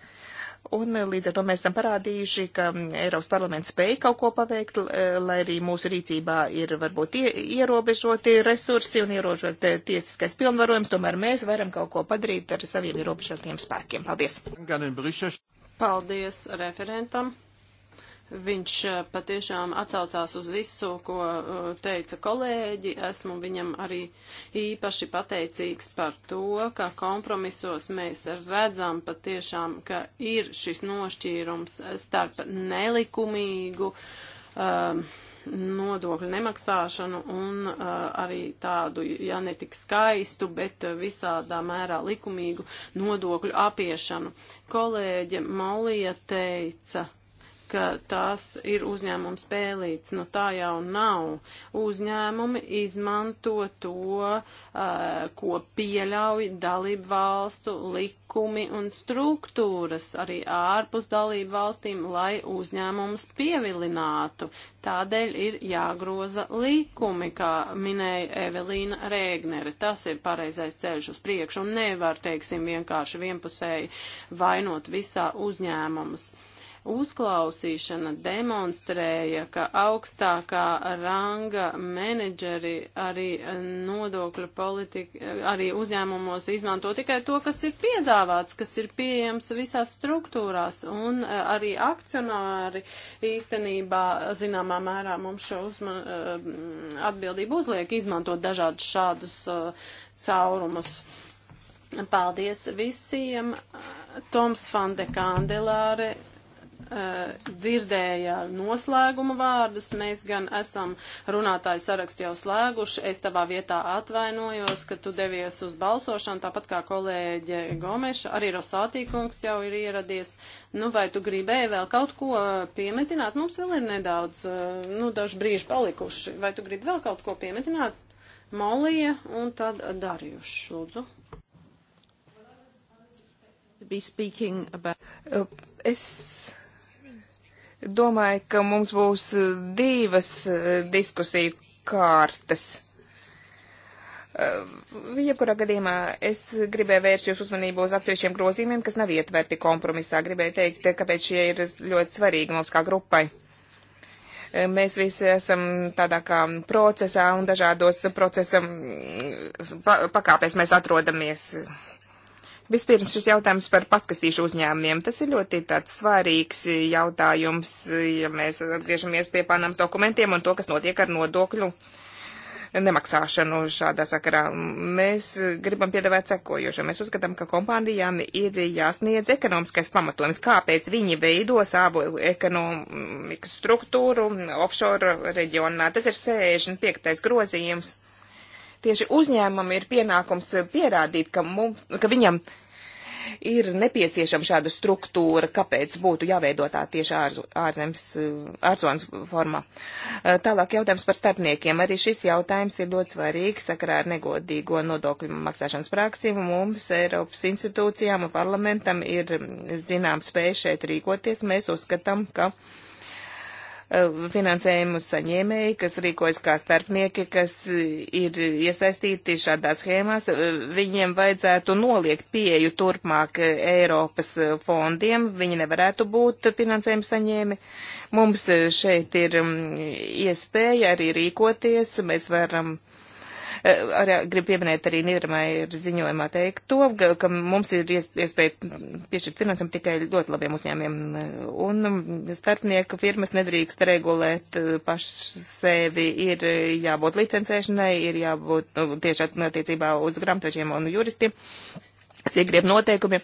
Un eh, līdz ar to mēs esam parādījuši, ka mm, Eiropas parlaments spēja kaut ko paveikt, eh, lai arī mūsu rīcībā ir varbūt ie, ierobežoti resursi un ierobežot eh, tiesiskais pilnvarojums, tomēr mēs varam kaut ko padarīt ar saviem ierobežotiem spēkiem. Paldies! Paldies referentam! Viņš eh, patiešām atsaucās uz visu, ko eh, teica kolēģi. Esmu viņam arī īpaši pateicīgs par to, ka kompromisos mēs redzam patiešām, ka ir šis nošķīrums starp nelikumīgu um, nodokļu nemaksāšanu un uh, arī tādu, ja ne tik skaistu, bet visādā mērā likumīgu nodokļu apiešanu. Kolēģe Malija teica, ka tās ir uzņēmums pēlīts. Nu tā jau nav. Uzņēmumi izmanto to, uh, ko pieļauj dalību valstu likumi un struktūras arī ārpus dalību valstīm, lai uzņēmumus pievilinātu. Tādēļ ir jāgroza likumi, kā minēja Evelīna Rēgnere. Tas ir pareizais ceļš uz priekšu un nevar, teiksim, vienkārši vienpusēji vainot visā uzņēmumus. Uzklausīšana demonstrēja, ka augstākā ranga menedžeri arī nodokļu politika, arī uzņēmumos izmanto tikai to, kas ir piedāvāts, kas ir pieejams visās struktūrās, un e, arī akcionāri īstenībā zināmā mērā mums šo uzman, e, atbildību uzliek izmantot dažādus šādus e, caurumus. Paldies visiem! Toms Fande Kandelāre Uh, dzirdēja noslēguma vārdus. Mēs gan esam runātāju sarakstu jau slēguši. Es tavā vietā atvainojos, ka tu devies uz balsošanu, tāpat kā kolēģe Gomeša. Arī Rosātīkungs jau ir ieradies. Nu, vai tu gribēji vēl kaut ko piemetināt? Mums vēl ir nedaudz, uh, nu, daži brīži palikuši. Vai tu gribi vēl kaut ko piemetināt? Molija un tad Darjuši, lūdzu. About... Es Domāju, ka mums būs eh, divas eh, diskusiju kārtas. Eh, jebkurā gadījumā es gribēju vērst jūsu uzmanību uz atsevišķiem grozījumiem, kas nav ietverti kompromisā. Gribēju teikt, kāpēc šie ir ļoti svarīgi mums kā grupai. Mēs visi esam tādā kā procesā un dažādos procesa mm, pakāpēs mēs atrodamies Vispirms šis jautājums par paskatīšu uzņēmumiem. Tas ir ļoti tāds svarīgs jautājums, ja mēs atgriežamies pie Panamas dokumentiem un to, kas notiek ar nodokļu nemaksāšanu šādā sakarā. Mēs gribam piedāvāt sekojošo. Mēs uzskatām, ka kompānijām ir jāsniedz ekonomiskais pamatojums, kāpēc viņi veido savu ekonomikas struktūru offshore reģionā. Tas ir 65. grozījums Tieši uzņēmumam ir pienākums pierādīt, ka, mum, ka viņam ir nepieciešama šāda struktūra, kāpēc būtu jāveido tā tieši ārz, ārzemes, ārzonas formā. Tālāk jautājums par starpniekiem. Arī šis jautājums ir ļoti svarīgs sakarā ar negodīgo nodokļu maksāšanas praksi. Mums, Eiropas institūcijām un parlamentam, ir zināms spēja šeit rīkoties. Mēs uzskatām, ka. Uh, finansējumu saņēmēji, kas rīkojas kā starpnieki, kas ir iesaistīti šādās schēmās, viņiem vajadzētu noliegt pieju turpmāk Eiropas fondiem, viņi nevarētu būt finansējumu saņēmi. Mums šeit ir mm, iespēja arī rīkoties, mēs varam uh, Eh, arī gribu pieminēt arī Nīdermai ir ziņojumā teikt to, ka mums ir iespēja piešķirt finansam tikai ļoti labiem uzņēmiem. Eh, un mm, starpnieku firmas nedrīkst regulēt eh, paši sevi. Ir jābūt licencēšanai, ir jābūt nu, tieši attiecībā uz grāmatvežiem un juristiem, siegriem noteikumiem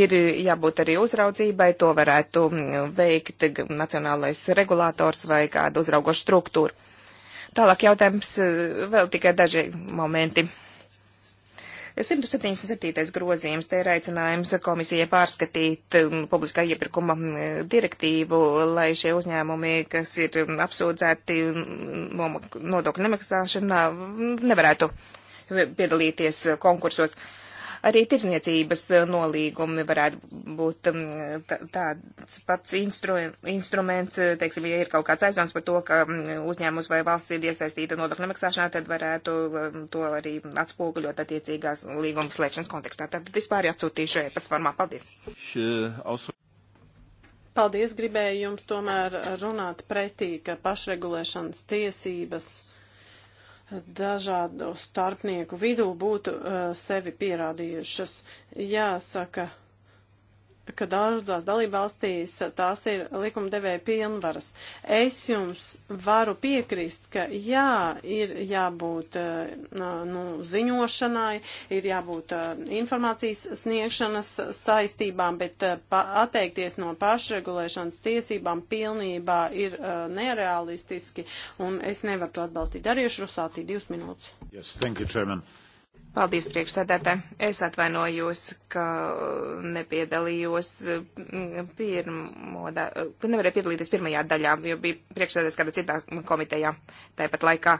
ir jābūt arī uzraudzībai, to varētu mm, veikt nacionālais regulators vai kāda uzraugoša struktūra. Tālāk jautājums eh, vēl tikai daži momenti. 177. grozījums te ir aicinājums komisijai pārskatīt um, publiskā iepirkuma um, direktīvu, lai šie uzņēmumi, kas ir um, apsūdzēti nodokļu nemaksāšanā, nevarētu piedalīties uh, konkursos. Uh, Arī tirzniecības eh, nolīgumi varētu būt mm, tāds pats instru, instruments, eh, teiksim, ja ir kaut kāds aizdoms par to, ka mm, uzņēmums vai valsts ir iesaistīta nodokļu nemaksāšanā, tad varētu mm, to arī atspoguļot attiecīgās līguma slēgšanas kontekstā. Tad vispār atsūtīšu e-pasta formā. Paldies! Paldies, gribēju jums tomēr runāt pretī, ka pašregulēšanas tiesības dažādu starpnieku vidū būtu uh, sevi pierādījušas. Jāsaka, ka dažās dalībvalstīs tās ir likumdevēja pilnvaras. Es jums varu piekrist, ka jā, ir jābūt eh, nu, ziņošanai, ir jābūt eh, informācijas sniegšanas saistībām, bet eh, atteikties no pašregulēšanas tiesībām pilnībā ir nerealistiski, un es nevaru to atbalstīt. Darīšu Rusātī divas minūtes. Yes, thank you, Chairman. Paldies, priekšsēdētāji. Es atvainojos, ka nepiedalījos mm, pirmo, da... ka nevarēju piedalīties pirmajā daļā, jo bija priekšsēdētājs kāda citā komitejā tāpat laikā.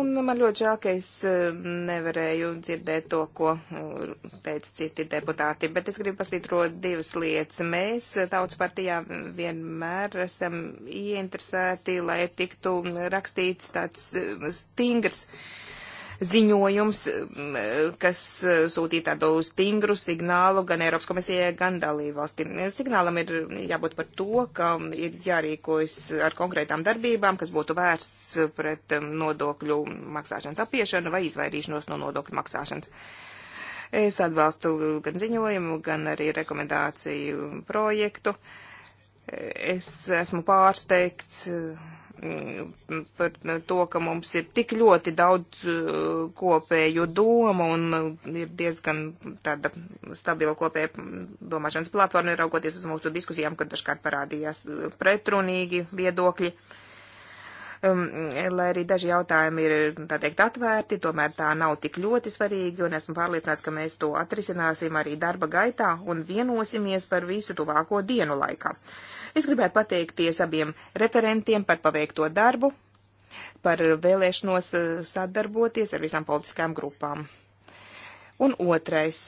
Un man ļoti žēl, ka es mm, nevarēju dzirdēt to, ko mm, teica citi deputāti, bet es gribu pasvītrot divas lietas. Mēs tautas partijā vienmēr esam ieinteresēti, lai tiktu rakstīts tāds stingrs. Uh, ziņojums, kas eh, sūtīja tādu stingru signālu gan Eiropas komisijai, gan dalībvalstīm. Signālam ir jābūt par to, ka ir jārīkojas ar konkrētām darbībām, kas būtu vērsts pret nodokļu maksāšanas apiešanu vai izvairīšanos no nodokļu maksāšanas. Es atbalstu gan ziņojumu, gan arī rekomendāciju projektu. Es esmu pārsteigts par to, ka mums ir tik ļoti daudz uh, kopēju domu un uh, ir diezgan tāda stabila kopēja mm, domāšanas platforma, raugoties uz mūsu diskusijām, kad dažkārt parādījās uh, pretrunīgi viedokļi. Um, lai arī daži jautājumi ir, tā teikt, atvērti, tomēr tā nav tik ļoti svarīgi, un esmu pārliecināts, ka mēs to atrisināsim arī darba gaitā un vienosimies par visu tuvāko dienu laikā. Uh, Es gribētu pateikties abiem referentiem par paveikto darbu, par vēlēšanos eh, sadarboties ar visām politiskām grupām. Un otrais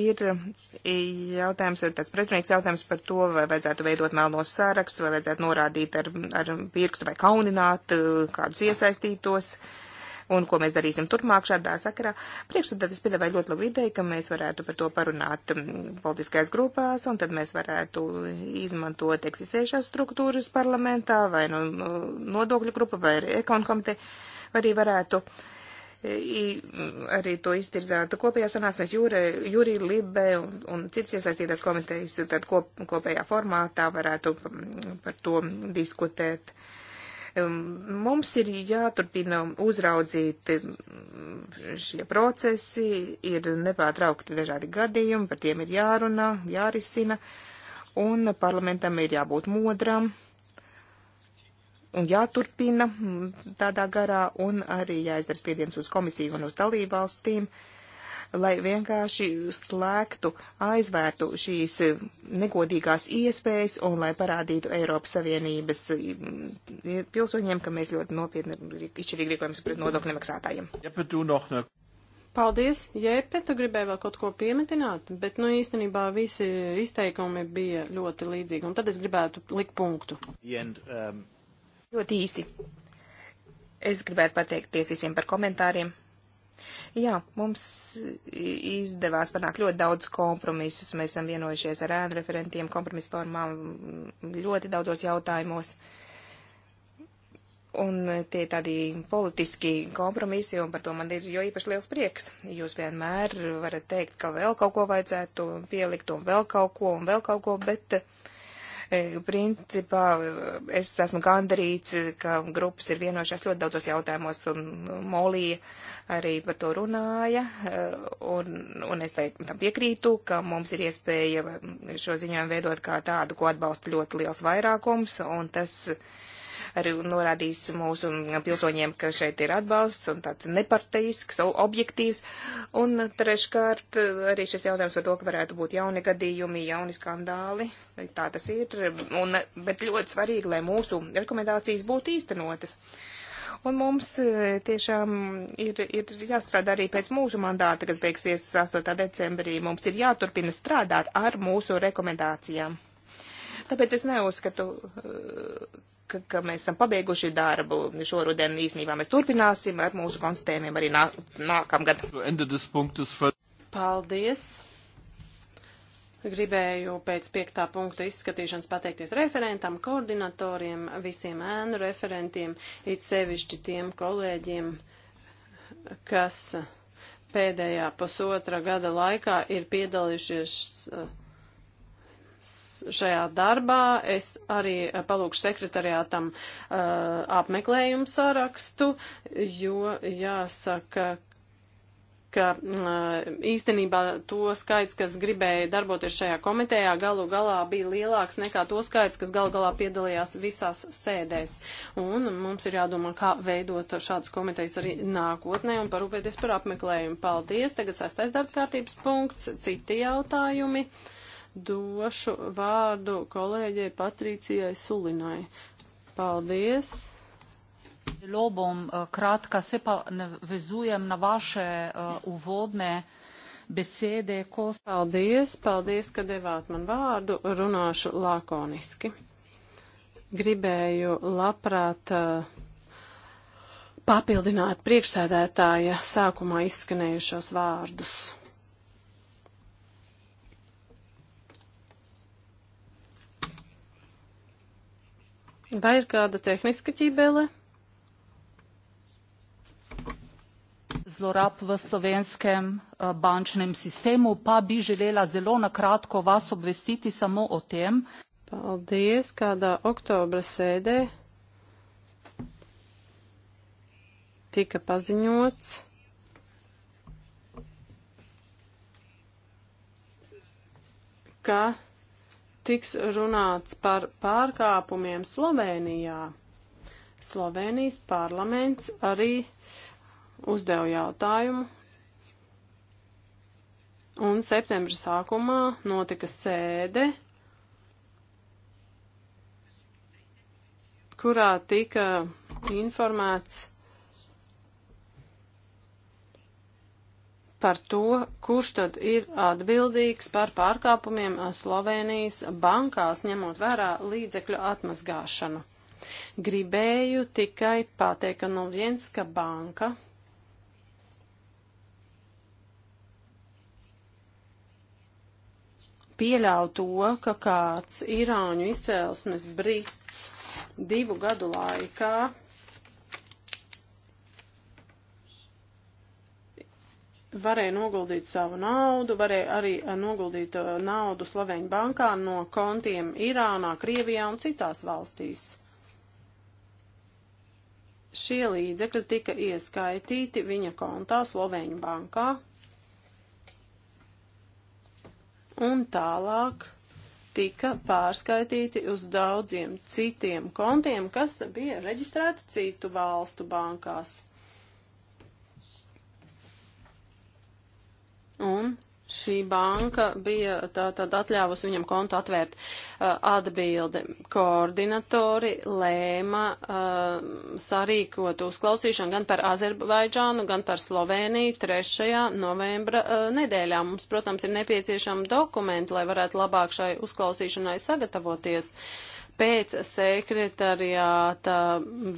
ir eh, jautājums, tāds pretrunīgs jautājums par to, vai vajadzētu veidot melnos sārakstus, vai vajadzētu norādīt ar, ar pirkstu vai kaunināt eh, kādus iesaistītos. Uh, un ko mēs darīsim turpmāk šādā sakarā. Priekšsēdētājs piedāvāja ļoti labu ideju, ka mēs varētu par to parunāt mm, politiskajās grupās, un tad mēs varētu izmantot eksistējušās struktūras parlamentā, vai nu no, mm, nodokļu grupa, vai ekonomikas komiteja, vai arī varētu e, I, arī to iztirzāta kopējā sanāksmē Jūri Libe un, un citas iesaistītās komitejas, tad kop, kopējā formātā varētu mm, par to diskutēt. Uh, Mums ir jāturpina uzraudzīt šie procesi, ir nepārtraukti dažādi gadījumi, par tiem ir jārunā, jārisina, un parlamentam ir jābūt modram un jāturpina tādā garā, un arī jāizdara spiediens uz komisiju un uz dalību valstīm. Uh, lai vienkārši slēgtu, aizvērtu šīs eh, negodīgās iespējas un lai parādītu Eiropas Savienības eh, pilsoņiem, ka mēs ļoti nopietni izšķirīgi rīkojamies pret nodokļu maksātājiem. Paldies, Jēpe, tu gribēji vēl kaut ko piemetināt, bet, nu, īstenībā visi izteikumi bija ļoti līdzīgi, un tad es gribētu likt punktu. And, um... Ļoti īsi. Es gribētu pateikties visiem par komentāriem. Jā, mums izdevās panākt ļoti daudz kompromisus. Mēs esam vienojušies ar ēnu referentiem kompromisu formām ļoti daudzos jautājumos. Un tie tādi politiski kompromisi, un par to man ir jo īpaši liels prieks. Jūs vienmēr varat teikt, ka vēl kaut ko vajadzētu pielikt, un vēl kaut ko, un vēl kaut ko, bet uh, E, principā e, es esmu gandarīts, ka grupas ir vienojušās ļoti daudzos jautājumos, un Molija arī par to runāja, e, un, un es tam piekrītu, ka mums ir iespēja šo ziņojumu veidot kā tādu, ko atbalsta ļoti liels vairākums, un tas. Uh, arī norādījis mūsu pilsoņiem, ka šeit ir atbalsts un tāds neparteisks, objektīvs. Un treškārt arī šis jautājums par to, ka varētu būt jauni gadījumi, jauni skandāli. Tā tas ir. Un, bet ļoti svarīgi, lai mūsu rekomendācijas būtu īstenotas. Un mums eh, tiešām ir, ir jāstrādā arī pēc mūsu mandāta, kas beigsies 8. decembrī. Mums ir jāturpina strādāt ar mūsu rekomendācijām. Tāpēc es neuzskatu, eh, ka, ka mēs esam pabeiguši darbu. Šoruden īsnībā mēs turpināsim ar mūsu konstatējumiem arī nā, nākamgad. Paldies! Gribēju pēc piektā punkta izskatīšanas pateikties referentam, koordinatoriem, visiem ēnu referentiem, it sevišķi tiem kolēģiem, kas pēdējā pusotra gada laikā ir piedalījušies uh, šajā darbā. Es arī palūkšu sekretariātam uh, apmeklējumu sārakstu, jo jāsaka, ka uh, īstenībā to skaits, kas gribēja darboties šajā komitejā, galu galā bija lielāks nekā to skaits, kas galu galā piedalījās visās sēdēs. Un mums ir jādomā, kā veidot šādas komitejas arī nākotnē un parūpēties par apmeklējumu. Paldies! Tagad sastais darbkārtības punkts, citi jautājumi. Uh, došu vārdu kolēģei Patricijai Sulinai. Paldies! Zelo bom eh, kratka, se pa navezujem na vaše eh, uvodne besede. Ko... Paldies, paldies, ka devāt man vārdu, runāšu lakoniski. Gribēju labprāt eh, papildināt priekšsēdētāja sākumā izskanējušos vārdus. Vai ir kāda tehniska ķībele? zlorab v slovenskem eh, bančnem sistemu, pa bi želela zelo na kratko vas obvestiti samo o tem. Paldies, kādā oktobra sēdē tika paziņots. ka tiks runāts par pārkāpumiem Slovenijā. Slovenijas parlaments arī uzdeva jautājumu, un septembra sākumā notika sēde, kurā tika informēts par to, kurš tad ir atbildīgs par pārkāpumiem Slovenijas bankās, ņemot vērā līdzekļu atmazgāšanu. Gribēju tikai pateikt, ka Novienska banka pieļauj to, ka kāds irāņu izcēlesmes brits divu gadu laikā varēja noguldīt savu naudu, varēja arī eh, noguldīt eh, naudu Sloveņu bankā no kontiem Irānā, Krievijā un citās valstīs. Šie līdzekļi tika ieskaitīti viņa kontā Sloveņu bankā. Un tālāk tika pārskaitīti uz daudziem citiem kontiem, kas bija reģistrēti citu valstu bankās. un šī banka bija tā, tad atļāvusi viņam kontu atvērt uh, atbildi. Koordinatori lēma uh, sarīkot uzklausīšanu gan par Azerbaidžānu, gan par Sloveniju 3. novembra uh, nedēļā. Mums, protams, ir nepieciešama dokumenti, lai varētu labāk šai uzklausīšanai sagatavoties. Uh, pēc sekretariāta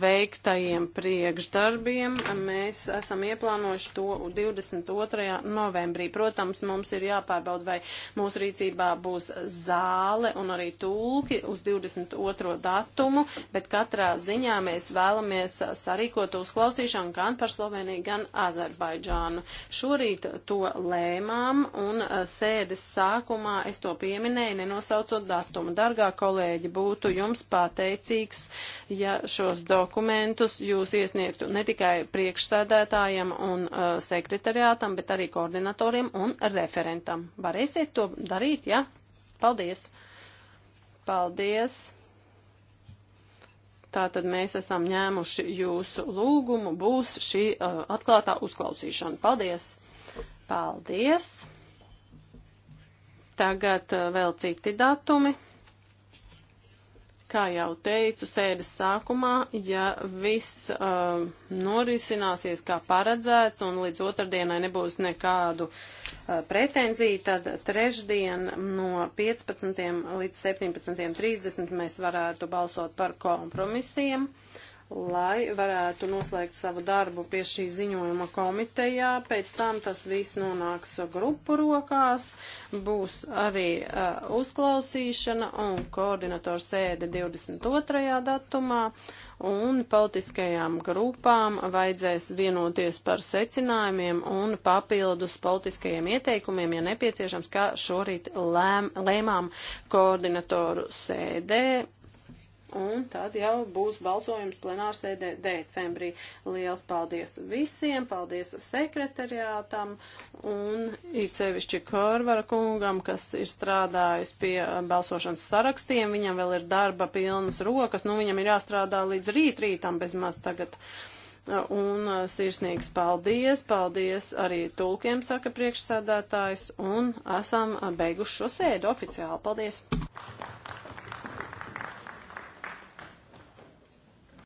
veiktajiem priekšdarbiem mēs esam ieplānojuši to 22. novembrī. Protams, mums ir jāpārbauda, vai mūsu rīcībā būs zāle un arī tulki uz 22. datumu, bet katrā ziņā mēs vēlamies sarīkot uzklausīšanu gan par Sloveniju, gan Azerbaidžānu. Šorīt to lēmām un eh, sēdes sākumā es to pieminēju, nenosaucot datumu. Dargā kolēģi, būtu būtu jums pateicīgs, ja šos dokumentus jūs iesniegtu ne tikai priekšsēdētājiem un uh, sekretariātam, bet arī koordinatoriem un referentam. Varēsiet to darīt, ja? Paldies! Paldies! Tātad mēs esam ņēmuši jūsu lūgumu, būs šī uh, atklātā uzklausīšana. Paldies! Paldies! Tagad uh, vēl citi datumi. Kā jau teicu, sēdes sākumā, ja viss uh, norisināsies kā paredzēts un līdz otrdienai nebūs nekādu uh, pretenziju, tad trešdien no 15. līdz 17.30 mēs varētu balsot par kompromisiem. Uh, lai varētu noslēgt savu darbu pie šī ziņojuma komitejā. Pēc tam tas viss nonāks grupu rokās, būs arī uh, uzklausīšana un koordinators sēde 22. datumā, un politiskajām grupām vajadzēs vienoties par secinājumiem un papildus politiskajiem ieteikumiem, ja nepieciešams, kā šorīt lēm, lēmām koordinatoru sēdē un tad jau būs balsojums plenārsēdē decembrī. Liels paldies visiem, paldies sekretariātam un it sevišķi Korvara kungam, kas ir strādājis pie balsošanas sarakstiem. Viņam vēl ir darba pilnas rokas, nu viņam ir jāstrādā līdz rīt rītam bez maz tagad. Un uh, sirsnīgs paldies, paldies arī tulkiem, saka priekšsādātājs, un esam uh, beiguši šo sēdu oficiāli. Paldies!